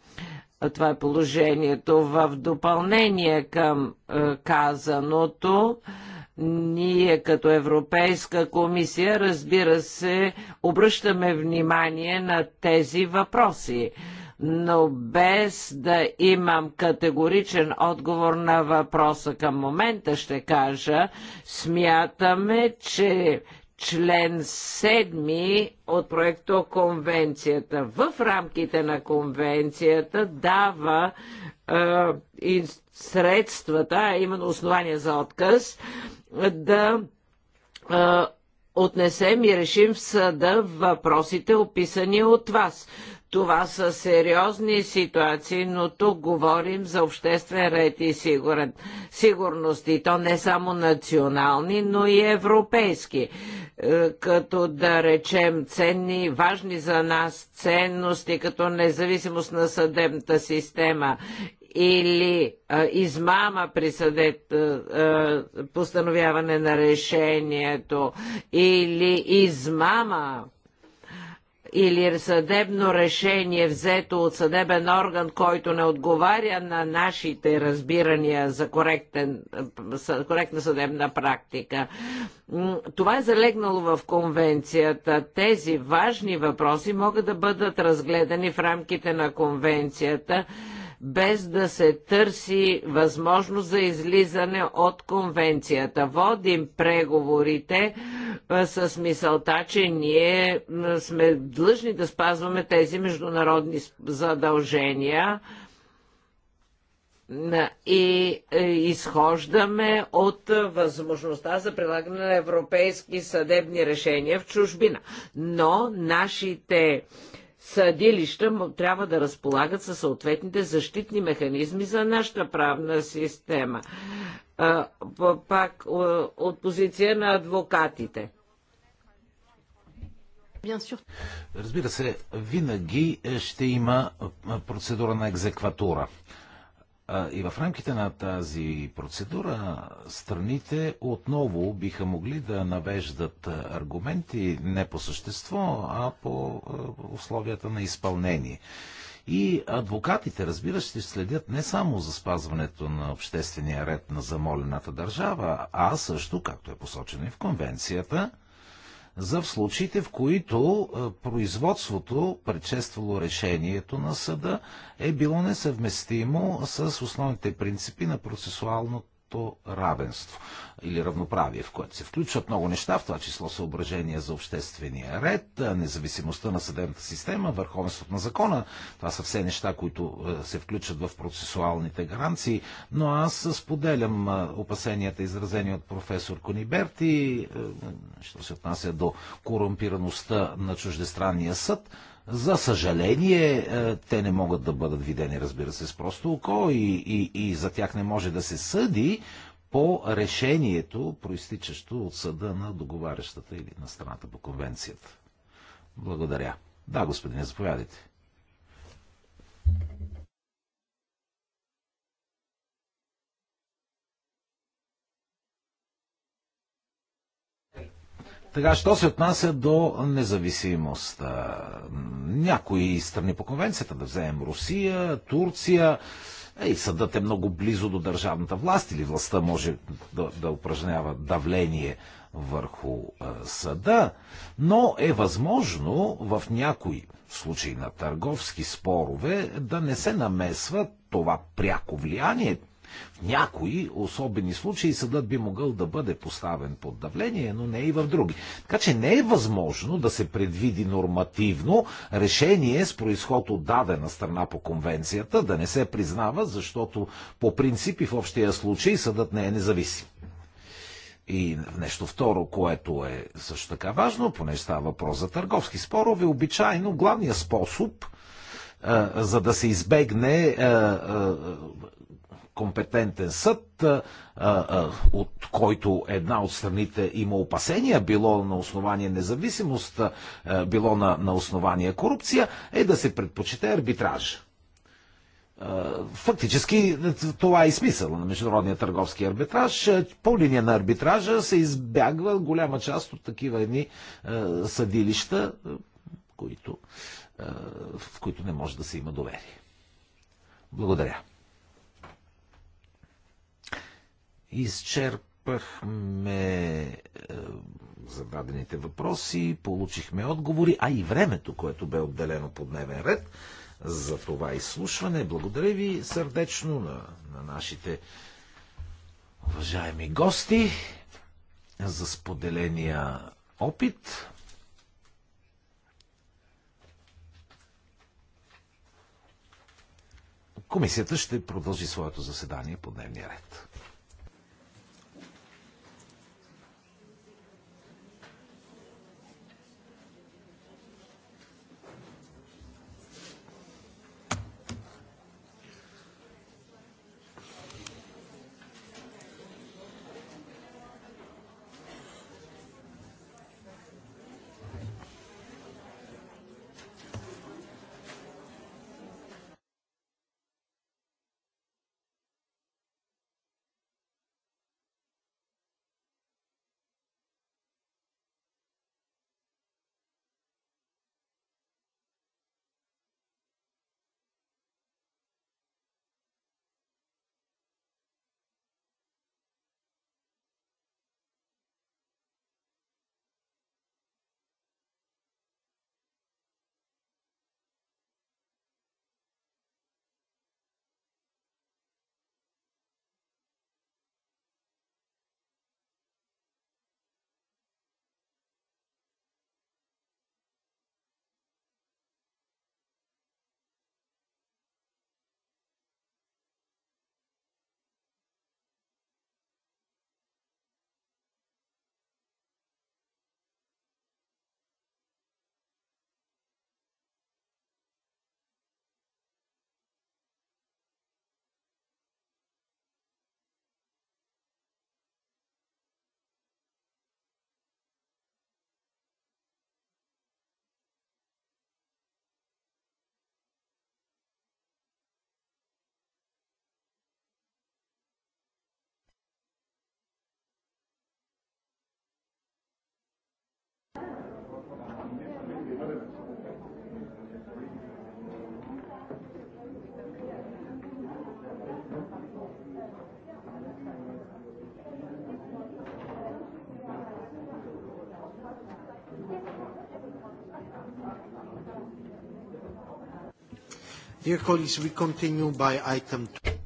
Това е положението. В допълнение към е, казаното, ние като Европейска комисия, разбира се, обръщаме внимание на тези въпроси но без да имам категоричен отговор на въпроса към момента ще кажа, смятаме, че член 7 от проекто Конвенцията в рамките на Конвенцията дава е, средствата, а именно основания за отказ, да отнесем и решим в съда въпросите, описани от вас. Това са сериозни ситуации, но тук говорим за обществен ред и сигурен, сигурност. И то не само национални, но и европейски. Е, като да речем ценни, важни за нас ценности, като независимост на съдебната система или а, измама при съдет а, постановяване на решението или измама или съдебно решение взето от съдебен орган, който не отговаря на нашите разбирания за коректен, коректна съдебна практика. Това е залегнало в конвенцията. Тези важни въпроси могат да бъдат разгледани в рамките на конвенцията без да се търси възможност за излизане от конвенцията. Водим преговорите с мисълта, че ние сме длъжни да спазваме тези международни задължения и изхождаме от възможността за прилагане на европейски съдебни решения в чужбина. Но нашите съдилища трябва да разполагат със съответните защитни механизми за нашата правна система. Пак от позиция на адвокатите. Разбира се, винаги ще има процедура на екзекватура. И в рамките на тази процедура страните отново биха могли да навеждат аргументи не по същество, а по условията на изпълнение. И адвокатите, разбира се, следят не само за спазването на обществения ред на замолената държава, а също, както е посочено и в конвенцията, за в случаите, в които е, производството, предшествало решението на съда, е било несъвместимо с основните принципи на процесуалното половото равенство или равноправие, в което се включват много неща, в това число съображения за обществения ред, независимостта на съдебната система, върховенството на закона. Това са все неща, които се включат в процесуалните гаранции, но аз споделям опасенията, изразени от професор Кониберти, що се отнася до корумпираността на чуждестранния съд. За съжаление, е, те не могат да бъдат видени, разбира се, с просто око и, и, и за тях не може да се съди по решението, проистичащо от съда на договарящата или на страната по конвенцията. Благодаря. Да, господине, заповядайте. Така, що се отнася до независимост? Някои страни по конвенцията, да вземем Русия, Турция, е, и съдът е много близо до държавната власт или властта може да, да упражнява давление върху е, съда, но е възможно в някои случаи на търговски спорове да не се намесва това пряко влияние, в някои особени случаи съдът би могъл да бъде поставен под давление, но не и в други. Така че не е възможно да се предвиди нормативно решение с происход от дадена страна по конвенцията да не се признава, защото по принципи в общия случай съдът не е независим. И нещо второ, което е също така важно, понеже става въпрос за търговски спорове, обичайно главният способ е, за да се избегне е, е, компетентен съд, от който една от страните има опасения, било на основание независимост, било на, на основание корупция, е да се предпочете арбитраж. Фактически това е и смисъл на международния търговски арбитраж. По линия на арбитража се избягва голяма част от такива едни съдилища, които, в които не може да се има доверие. Благодаря. изчерпахме е, зададените въпроси, получихме отговори, а и времето, което бе отделено по дневен ред за това изслушване. Благодаря ви сърдечно на, на нашите уважаеми гости за споделения опит. Комисията ще продължи своето заседание по дневния ред.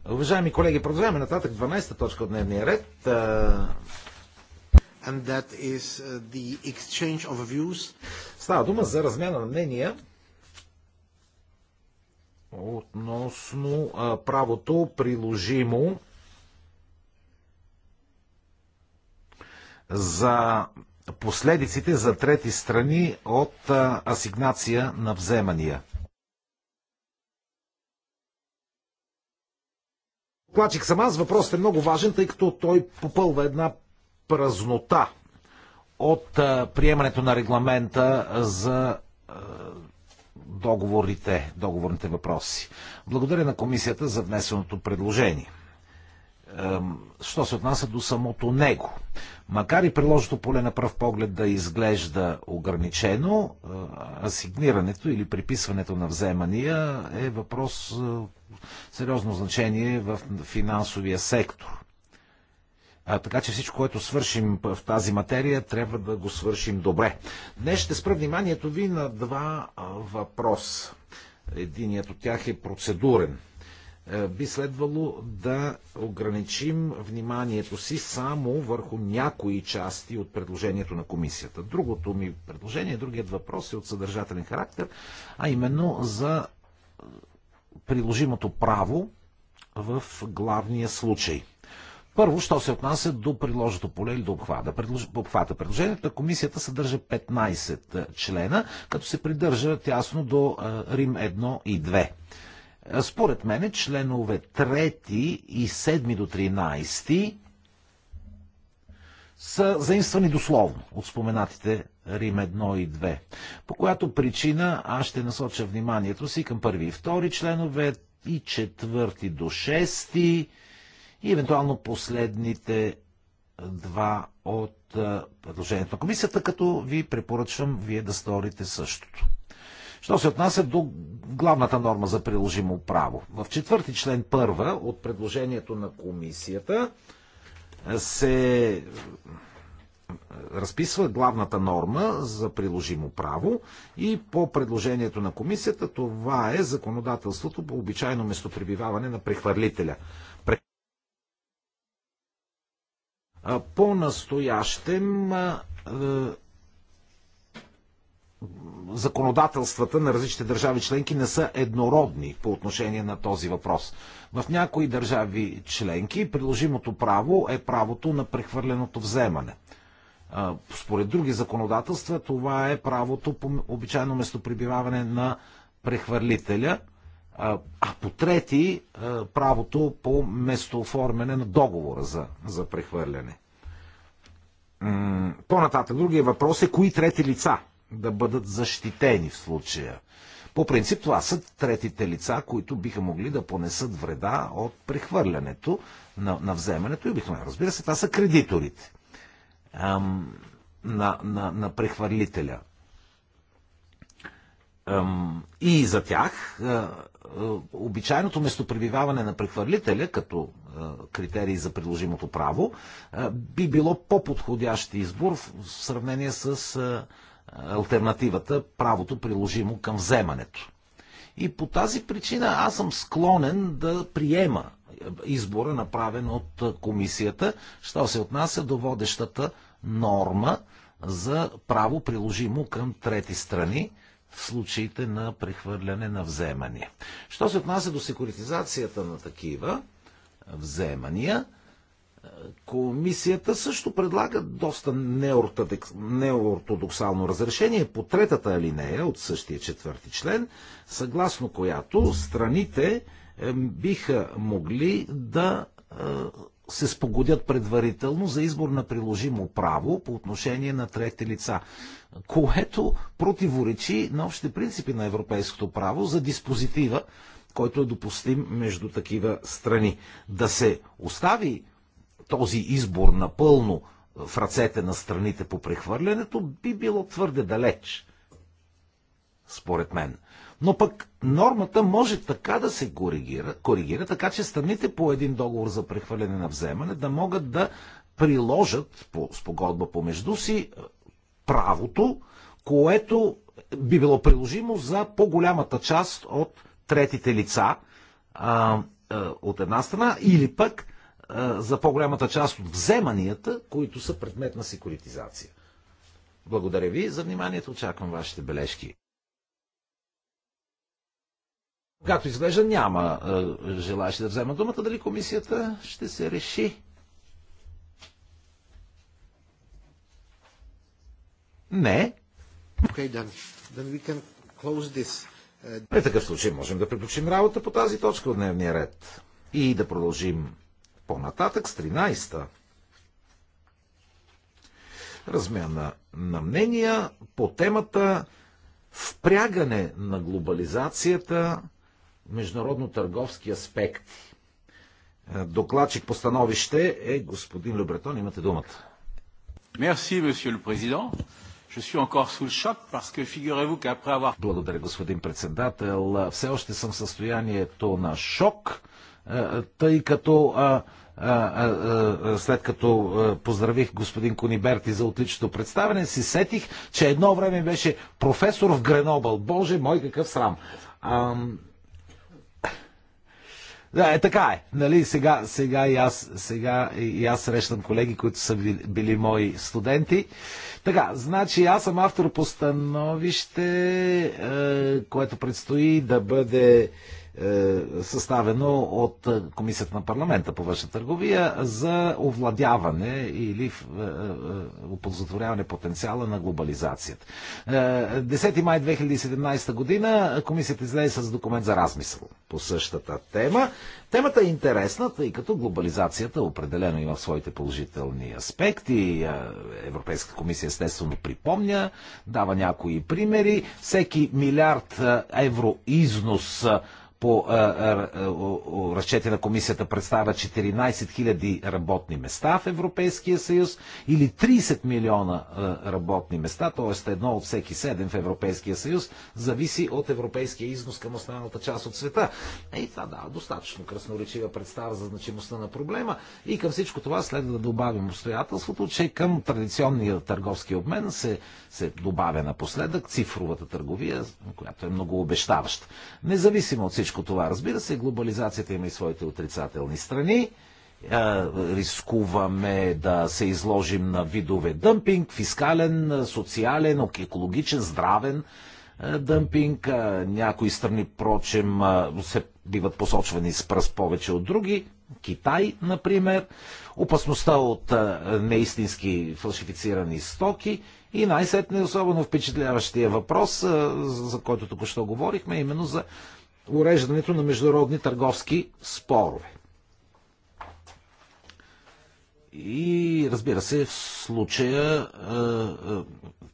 Уважаеми колеги, продължаваме нататък 12-та точка от дневния ред. And that is uh, the exchange of views. Става дума за размяна на мнения относно правото приложимо за последиците за трети страни от асигнация на вземания. Плачих сам аз, въпросът е много важен, тъй като той попълва една празнота от приемането на регламента за договорите, договорните въпроси. Благодаря на комисията за внесеното предложение. Що се отнася до самото него. Макар и приложното поле на пръв поглед да изглежда ограничено, асигнирането или приписването на вземания е въпрос сериозно значение в финансовия сектор. А, така че всичко, което свършим в тази материя, трябва да го свършим добре. Днес ще спра вниманието ви на два въпроса. Единият от тях е процедурен. Е, би следвало да ограничим вниманието си само върху някои части от предложението на комисията. Другото ми предложение, другият въпрос е от съдържателен характер, а именно за приложимото право в главния случай. Първо, що се отнася до приложното поле или до обхвата. Предлож... обхвата. Предложението на комисията съдържа 15 е, члена, като се придържа тясно до е, Рим 1 и 2. Е, според мен членове 3 и 7 до 13 са заимствани дословно от споменатите Рим 1 и 2, по която причина аз ще насоча вниманието си към първи и втори членове и четвърти до шести и евентуално последните два от предложението на комисията, като ви препоръчвам вие да сторите същото. Що се отнася до главната норма за приложимо право? В четвърти член първа от предложението на комисията се разписва главната норма за приложимо право и по предложението на комисията това е законодателството по обичайно местопребиваване на прехвърлителя. По-настоящем е, законодателствата на различните държави членки не са еднородни по отношение на този въпрос. В някои държави членки приложимото право е правото на прехвърленото вземане. Според други законодателства това е правото по обичайно местопребиваване на прехвърлителя, а по трети правото по местооформяне на договора за, за прехвърляне. По-нататък другия въпрос е кои трети лица да бъдат защитени в случая. По принцип това са третите лица, които биха могли да понесат вреда от прехвърлянето на, на вземането и обикновено. Разбира се, това са кредиторите ам, на, на, на прехвърлителя. Ам, и за тях а, а, обичайното местопребиваване на прехвърлителя като а, критерий за приложимото право а, би било по-подходящ избор в, в сравнение с. А, альтернативата, правото приложимо към вземането. И по тази причина аз съм склонен да приема избора, направен от комисията, що се отнася до водещата норма за право приложимо към трети страни в случаите на прехвърляне на вземания. Що се отнася до секуритизацията на такива вземания, Комисията също предлага доста неортодоксално разрешение по третата алинея от същия четвърти член, съгласно която страните е, биха могли да е, се спогодят предварително за избор на приложимо право по отношение на трети лица, което противоречи на общите принципи на европейското право за диспозитива, който е допустим между такива страни. Да се остави този избор напълно в ръцете на страните по прехвърлянето би било твърде далеч, според мен. Но пък нормата може така да се коригира, коригира така че страните по един договор за прехвърляне на вземане да могат да приложат по спогодба помежду си е, правото, което би било приложимо за по-голямата част от третите лица а, а, е, от една страна, или пък за по-голямата част от вземанията, които са предмет на секуритизация. Благодаря ви за вниманието, очаквам вашите бележки. Както изглежда, няма желащи да взема думата. Дали комисията ще се реши? Не. Okay, then. Then we can close this. При е, такъв случай можем да приключим работа по тази точка от дневния ред и да продължим по-нататък с 13-та. Размяна на мнения по темата впрягане на глобализацията международно-търговски аспекти. Е, докладчик по становище е господин Любретон. Имате думата. Мерси, monsieur президент. Благодаря, господин председател. Все още съм в състоянието на шок, е, тъй като след като поздравих господин Кониберти за отличното представяне, си сетих, че едно време беше професор в Гренобъл. Боже мой, какъв срам! Ам... Да, е така е. Нали, сега, сега, и аз, сега и аз срещам колеги, които са били мои студенти. Така, значи аз съм автор по становище, е, което предстои да бъде е, съставено от е, Комисията на парламента по външна търговия за овладяване или е, оползотворяване потенциала на глобализацията. 10 май 2017 година Комисията излезе с документ за размисъл по същата тема. Темата е интересна, тъй като глобализацията определено има своите положителни аспекти. Европейска комисия естествено припомня, дава някои примери. Всеки милиард евро износ по разчети на комисията представя 14 000 работни места в Европейския съюз или 30 милиона работни места, т.е. едно от всеки 7 в Европейския съюз, зависи от европейския износ към останалата част от света. И това дава достатъчно красноречива представа за значимостта на проблема. И към всичко това следва да добавим обстоятелството, че към традиционния търговски обмен се се добавя напоследък цифровата търговия, която е много обещаваща. Независимо от всичко това, разбира се, глобализацията има и своите отрицателни страни. Е, рискуваме да се изложим на видове дъмпинг, фискален, социален, екологичен, здравен е, дъмпинг. Е, някои страни, прочем, се биват посочвани с пръст повече от други. Китай, например, опасността от неистински фалшифицирани стоки и най-сетне особено впечатляващия въпрос, за който току-що говорихме, именно за уреждането на международни търговски спорове. И разбира се, в случая,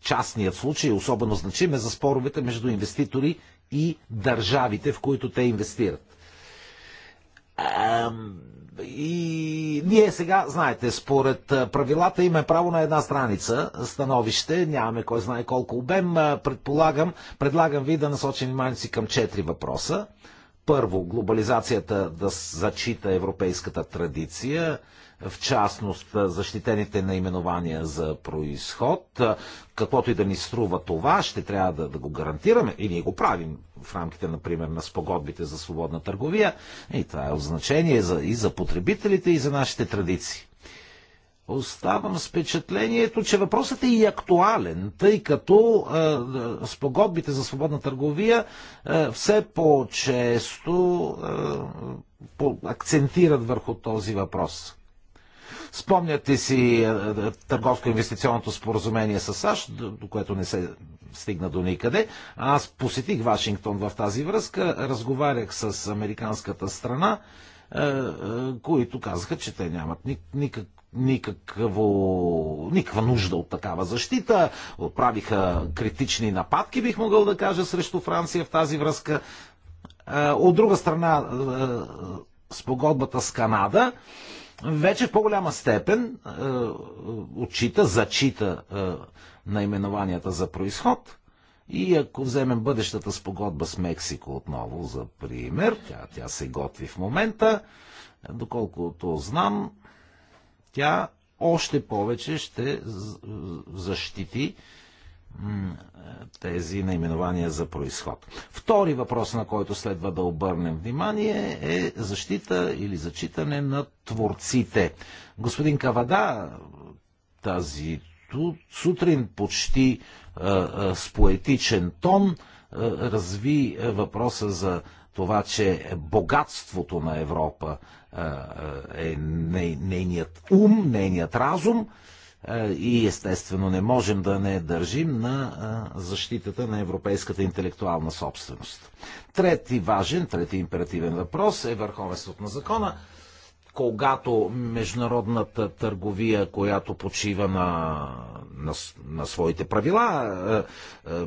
частният случай, е особено значим е за споровете между инвеститори и държавите, в които те инвестират. И ние сега, знаете, според правилата имаме право на една страница становище, нямаме кой знае колко обем. Предполагам, предлагам ви да насочим вниманието си към четири въпроса. Първо, глобализацията да зачита европейската традиция в частност защитените наименования за происход, каквото и да ни струва това, ще трябва да, да го гарантираме и ние го правим в рамките, например, на спогодбите за свободна търговия. И това е от значение за, и за потребителите, и за нашите традиции. Оставам с впечатлението, че въпросът е и актуален, тъй като е, спогодбите за свободна търговия е, все по-често е, акцентират върху този въпрос. Спомняте си е, е, търговско-инвестиционното споразумение с САЩ, до което не се стигна до никъде. Аз посетих Вашингтон в тази връзка, разговарях с американската страна, е, които казаха, че те нямат никак никакво, никаква нужда от такава защита. Отправиха критични нападки, бих могъл да кажа, срещу Франция в тази връзка. От друга страна, спогодбата с Канада вече в по-голяма степен е, отчита, зачита е, наименованията за происход. И ако вземем бъдещата спогодба с Мексико отново за пример, тя, тя се готви в момента, доколкото знам, тя още повече ще защити тези наименования за происход. Втори въпрос, на който следва да обърнем внимание, е защита или зачитане на творците. Господин Кавада тази сутрин почти с поетичен тон разви въпроса за това, че богатството на Европа е нейният ум, нейният разум, е, и естествено не можем да не държим на е, защитата на европейската интелектуална собственост. Трети важен, трети императивен въпрос е върховенството на закона когато международната търговия, която почива на, на, на своите правила, е, е, е,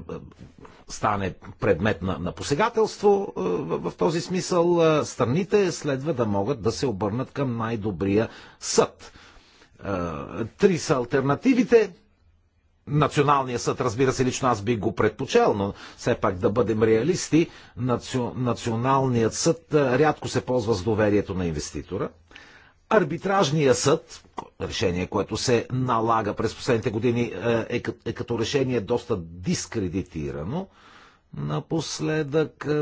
стане предмет на, на посегателство, е, в, в този смисъл е, страните следва да могат да се обърнат към най-добрия съд. Три са альтернативите. Националният съд, разбира се, лично аз би го предпочел, но все пак да бъдем реалисти, националният съд рядко се ползва с доверието на инвеститора. Арбитражният съд, решение, което се налага през последните години, е, е, е като решение доста дискредитирано напоследък, е,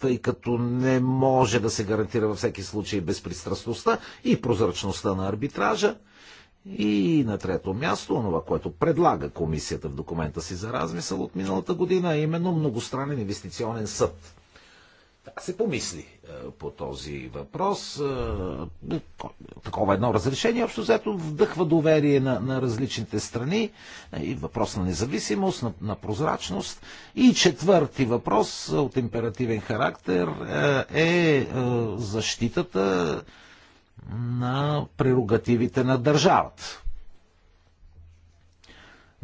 тъй като не може да се гарантира във всеки случай безпристрастността и прозрачността на арбитража. И на трето място, онова, което предлага комисията в документа си за размисъл от миналата година, а е именно многостранен инвестиционен съд. Така се помисли по този въпрос. Такова едно разрешение общо взето вдъхва доверие на, на различните страни. И въпрос на независимост, на, на прозрачност. И четвърти въпрос от императивен характер е защитата на прерогативите на държавата.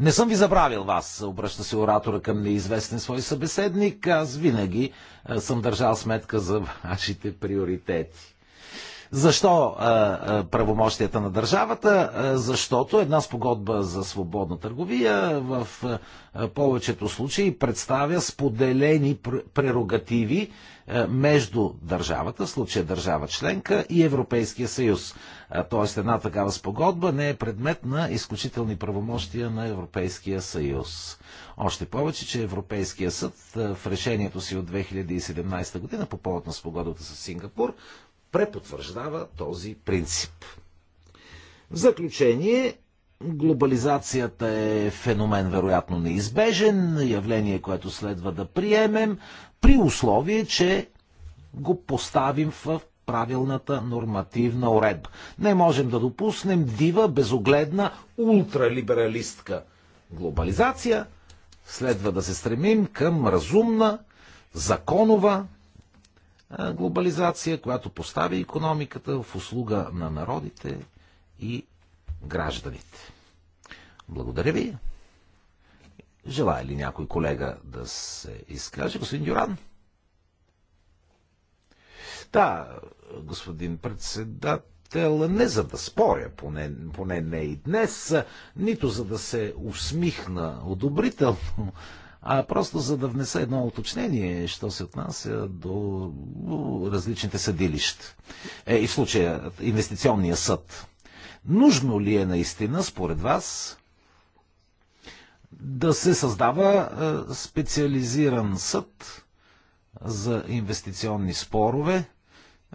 Не съм ви забравил вас, обръща се оратора към неизвестен свой събеседник. Аз винаги съм държал сметка за вашите приоритети. Защо правомощията на държавата? Защото една спогодба за свободна търговия в повечето случаи представя споделени прерогативи между държавата, в случая държава членка и Европейския съюз. Тоест една такава спогодба не е предмет на изключителни правомощия на Европейския съюз. Още повече, че Европейския съд в решението си от 2017 година по повод на спогодата с Сингапур препотвърждава този принцип. В заключение, глобализацията е феномен вероятно неизбежен, явление, което следва да приемем, при условие, че го поставим в правилната нормативна уредба. Не можем да допуснем дива, безогледна, ултралибералистка глобализация. Следва да се стремим към разумна, законова, глобализация, която поставя економиката в услуга на народите и гражданите. Благодаря ви. Желая ли някой колега да се изкаже? Господин Дюран? Да, господин председател, не за да споря, поне, поне не и днес, нито за да се усмихна одобрително а просто за да внеса едно уточнение, що се отнася до различните съдилища. Е, и в случая инвестиционния съд. Нужно ли е наистина, според вас, да се създава е, специализиран съд за инвестиционни спорове?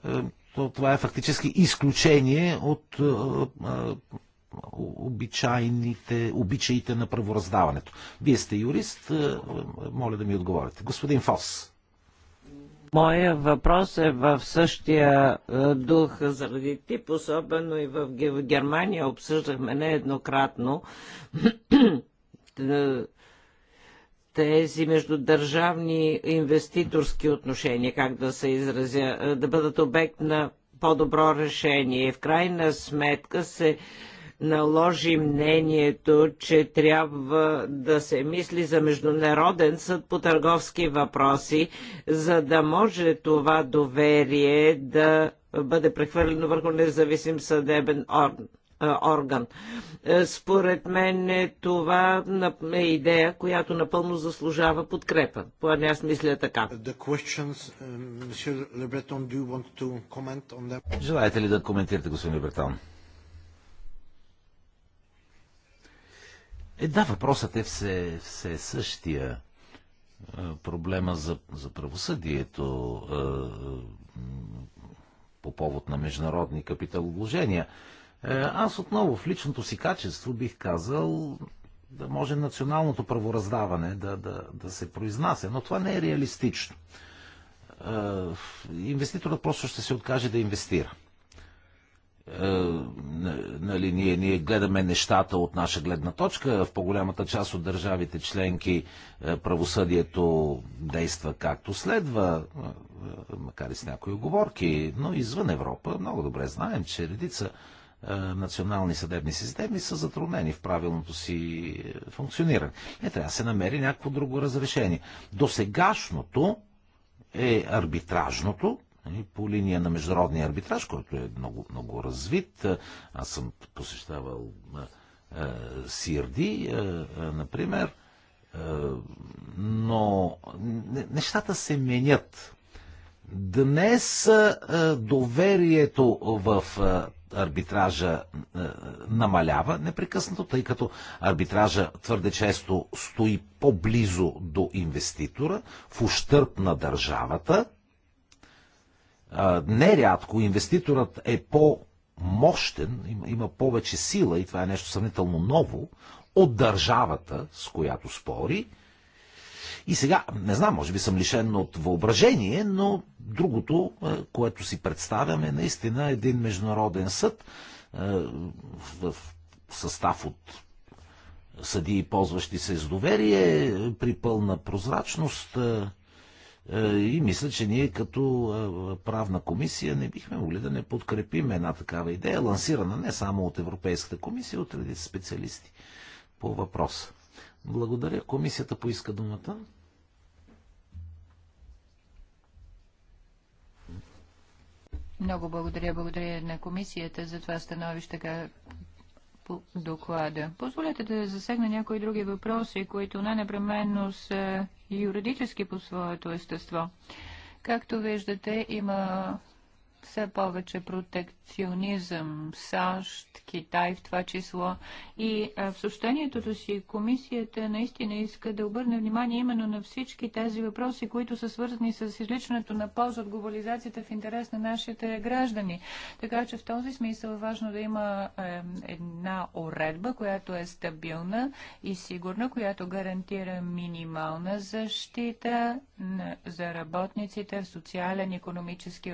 Е, то това е фактически изключение от е, обичайните, обичаите на правораздаването. Вие сте юрист, е, моля да ми отговорите. Господин Фос. Моя въпрос е в същия е, дух заради тип, особено и в Германия обсъждахме нееднократно е, тези междудържавни инвеститорски отношения, как да се изразя, да бъдат обект на по-добро решение. В крайна сметка се наложи мнението, че трябва да се мисли за международен съд по търговски въпроси, за да може това доверие да бъде прехвърлено върху независим съдебен орган орган. Е, според мен това е идея, която напълно заслужава подкрепа. Поне аз мисля така. Uh, Желаете ли да коментирате, господин Лебретон? Е, да, въпросът е все, все същия. Е, проблема за, за правосъдието е, по повод на международни капиталовложения. Е, аз отново в личното си качество бих казал да може националното правораздаване да, да, да се произнася, но това не е реалистично. инвеститорът просто ще се откаже да инвестира е, нали, ние, ние гледаме нещата от наша гледна точка. В по-голямата част от държавите членки е, правосъдието действа както следва, е, макар и с някои оговорки, но извън Европа много добре знаем, че редица национални съдебни системи са затруднени в правилното си функциониране. Не трябва да се намери някакво друго разрешение. До сегашното е арбитражното, Нали, по линия на международния арбитраж, който е много, много развит. Аз съм посещавал Сирди, например, но нещата се менят. Днес доверието в арбитража намалява непрекъснато, тъй като арбитража твърде често стои по-близо до инвеститора, в ущърп на държавата – нерядко инвеститорът е по-мощен, има повече сила и това е нещо съвнително ново от държавата, с която спори. И сега, не знам, може би съм лишен от въображение, но другото, което си представяме, наистина един международен съд в състав от съдии, ползващи се с доверие, при пълна прозрачност, е, и мисля, че ние като е, правна комисия не бихме могли да не подкрепим една такава идея, лансирана не само от Европейската комисия, от редица специалисти по въпроса. Благодаря. Комисията поиска думата. Много благодаря. Благодаря на комисията за това становище така по доклада. Позволете да засегна някои други въпроси, които най непременно са юридически по своето естество. Както виждате, има все повече протекционизъм, САЩ, Китай в това число. И в съобщението си комисията наистина иска да обърне внимание именно на всички тези въпроси, които са свързани с изличането на полза от глобализацията в интерес на нашите граждани. Така че в този смисъл е важно да има е, една уредба, която е стабилна и сигурна, която гарантира минимална защита за работниците в социален, економически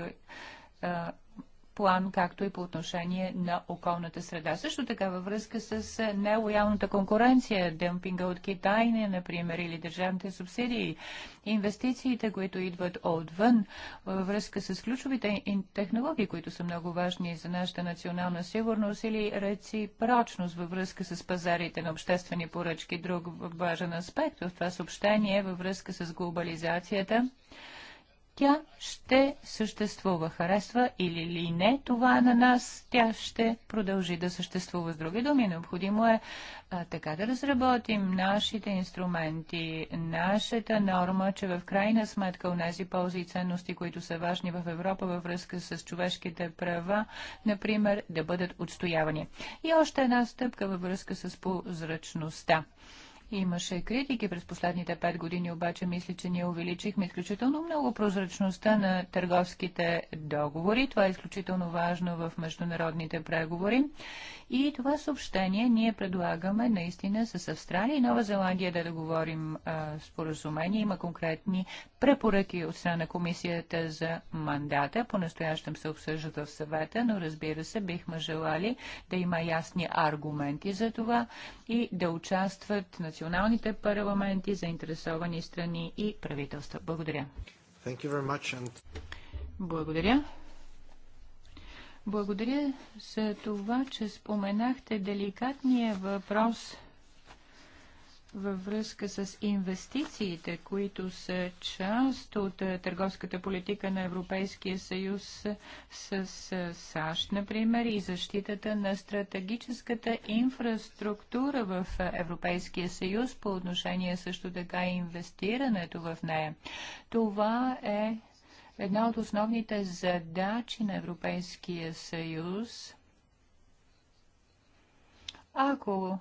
план, както и по отношение на околната среда. Също така във връзка с нелоялната конкуренция, демпинга от Китай, например, или държавните субсидии, инвестициите, които идват отвън, във връзка с ключовите технологии, които са много важни за нашата национална сигурност или реципрочност във връзка с пазарите на обществени поръчки. Друг важен аспект в това съобщение е във връзка с глобализацията тя ще съществува. Харесва или ли не това на нас, тя ще продължи да съществува. С други думи, необходимо е а, така да разработим нашите инструменти, нашата норма, че в крайна сметка у нези ползи и ценности, които са важни в Европа във връзка с човешките права, например, да бъдат отстоявани. И още една стъпка във връзка с прозрачността. Имаше критики през последните пет години, обаче мисля, че ние увеличихме изключително много прозрачността на търговските договори. Това е изключително важно в международните преговори. И това съобщение ние предлагаме наистина с Австралия и Нова Зеландия да договорим а, споразумение. Има конкретни препоръки от страна на комисията за мандата. По-настоящем се обсъждат в съвета, но разбира се, бихме желали да има ясни аргументи за това и да участват на националните парламенти, заинтересовани страни и правителства. Благодаря. And... Благодаря. Благодаря за това, че споменахте деликатния въпрос – във връзка с инвестициите, които са част от е, търговската политика на Европейския съюз е, с е, САЩ, например, и защитата на стратегическата инфраструктура в Европейския съюз по отношение също така и инвестирането в нея. Това е една от основните задачи на Европейския съюз. Ако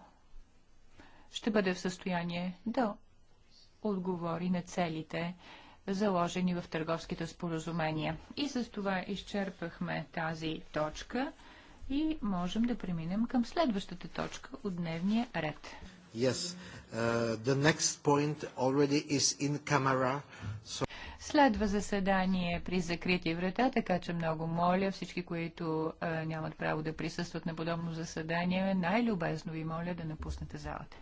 ще бъде в състояние да отговори на целите, заложени в търговските споразумения. И с това изчерпахме тази точка и можем да преминем към следващата точка от дневния ред. Yes, uh, the next point already is in camera, so... Следва заседание при закрити врата, така че много моля всички, които а, нямат право да присъстват на подобно заседание, най-любезно ви моля да напуснете залата.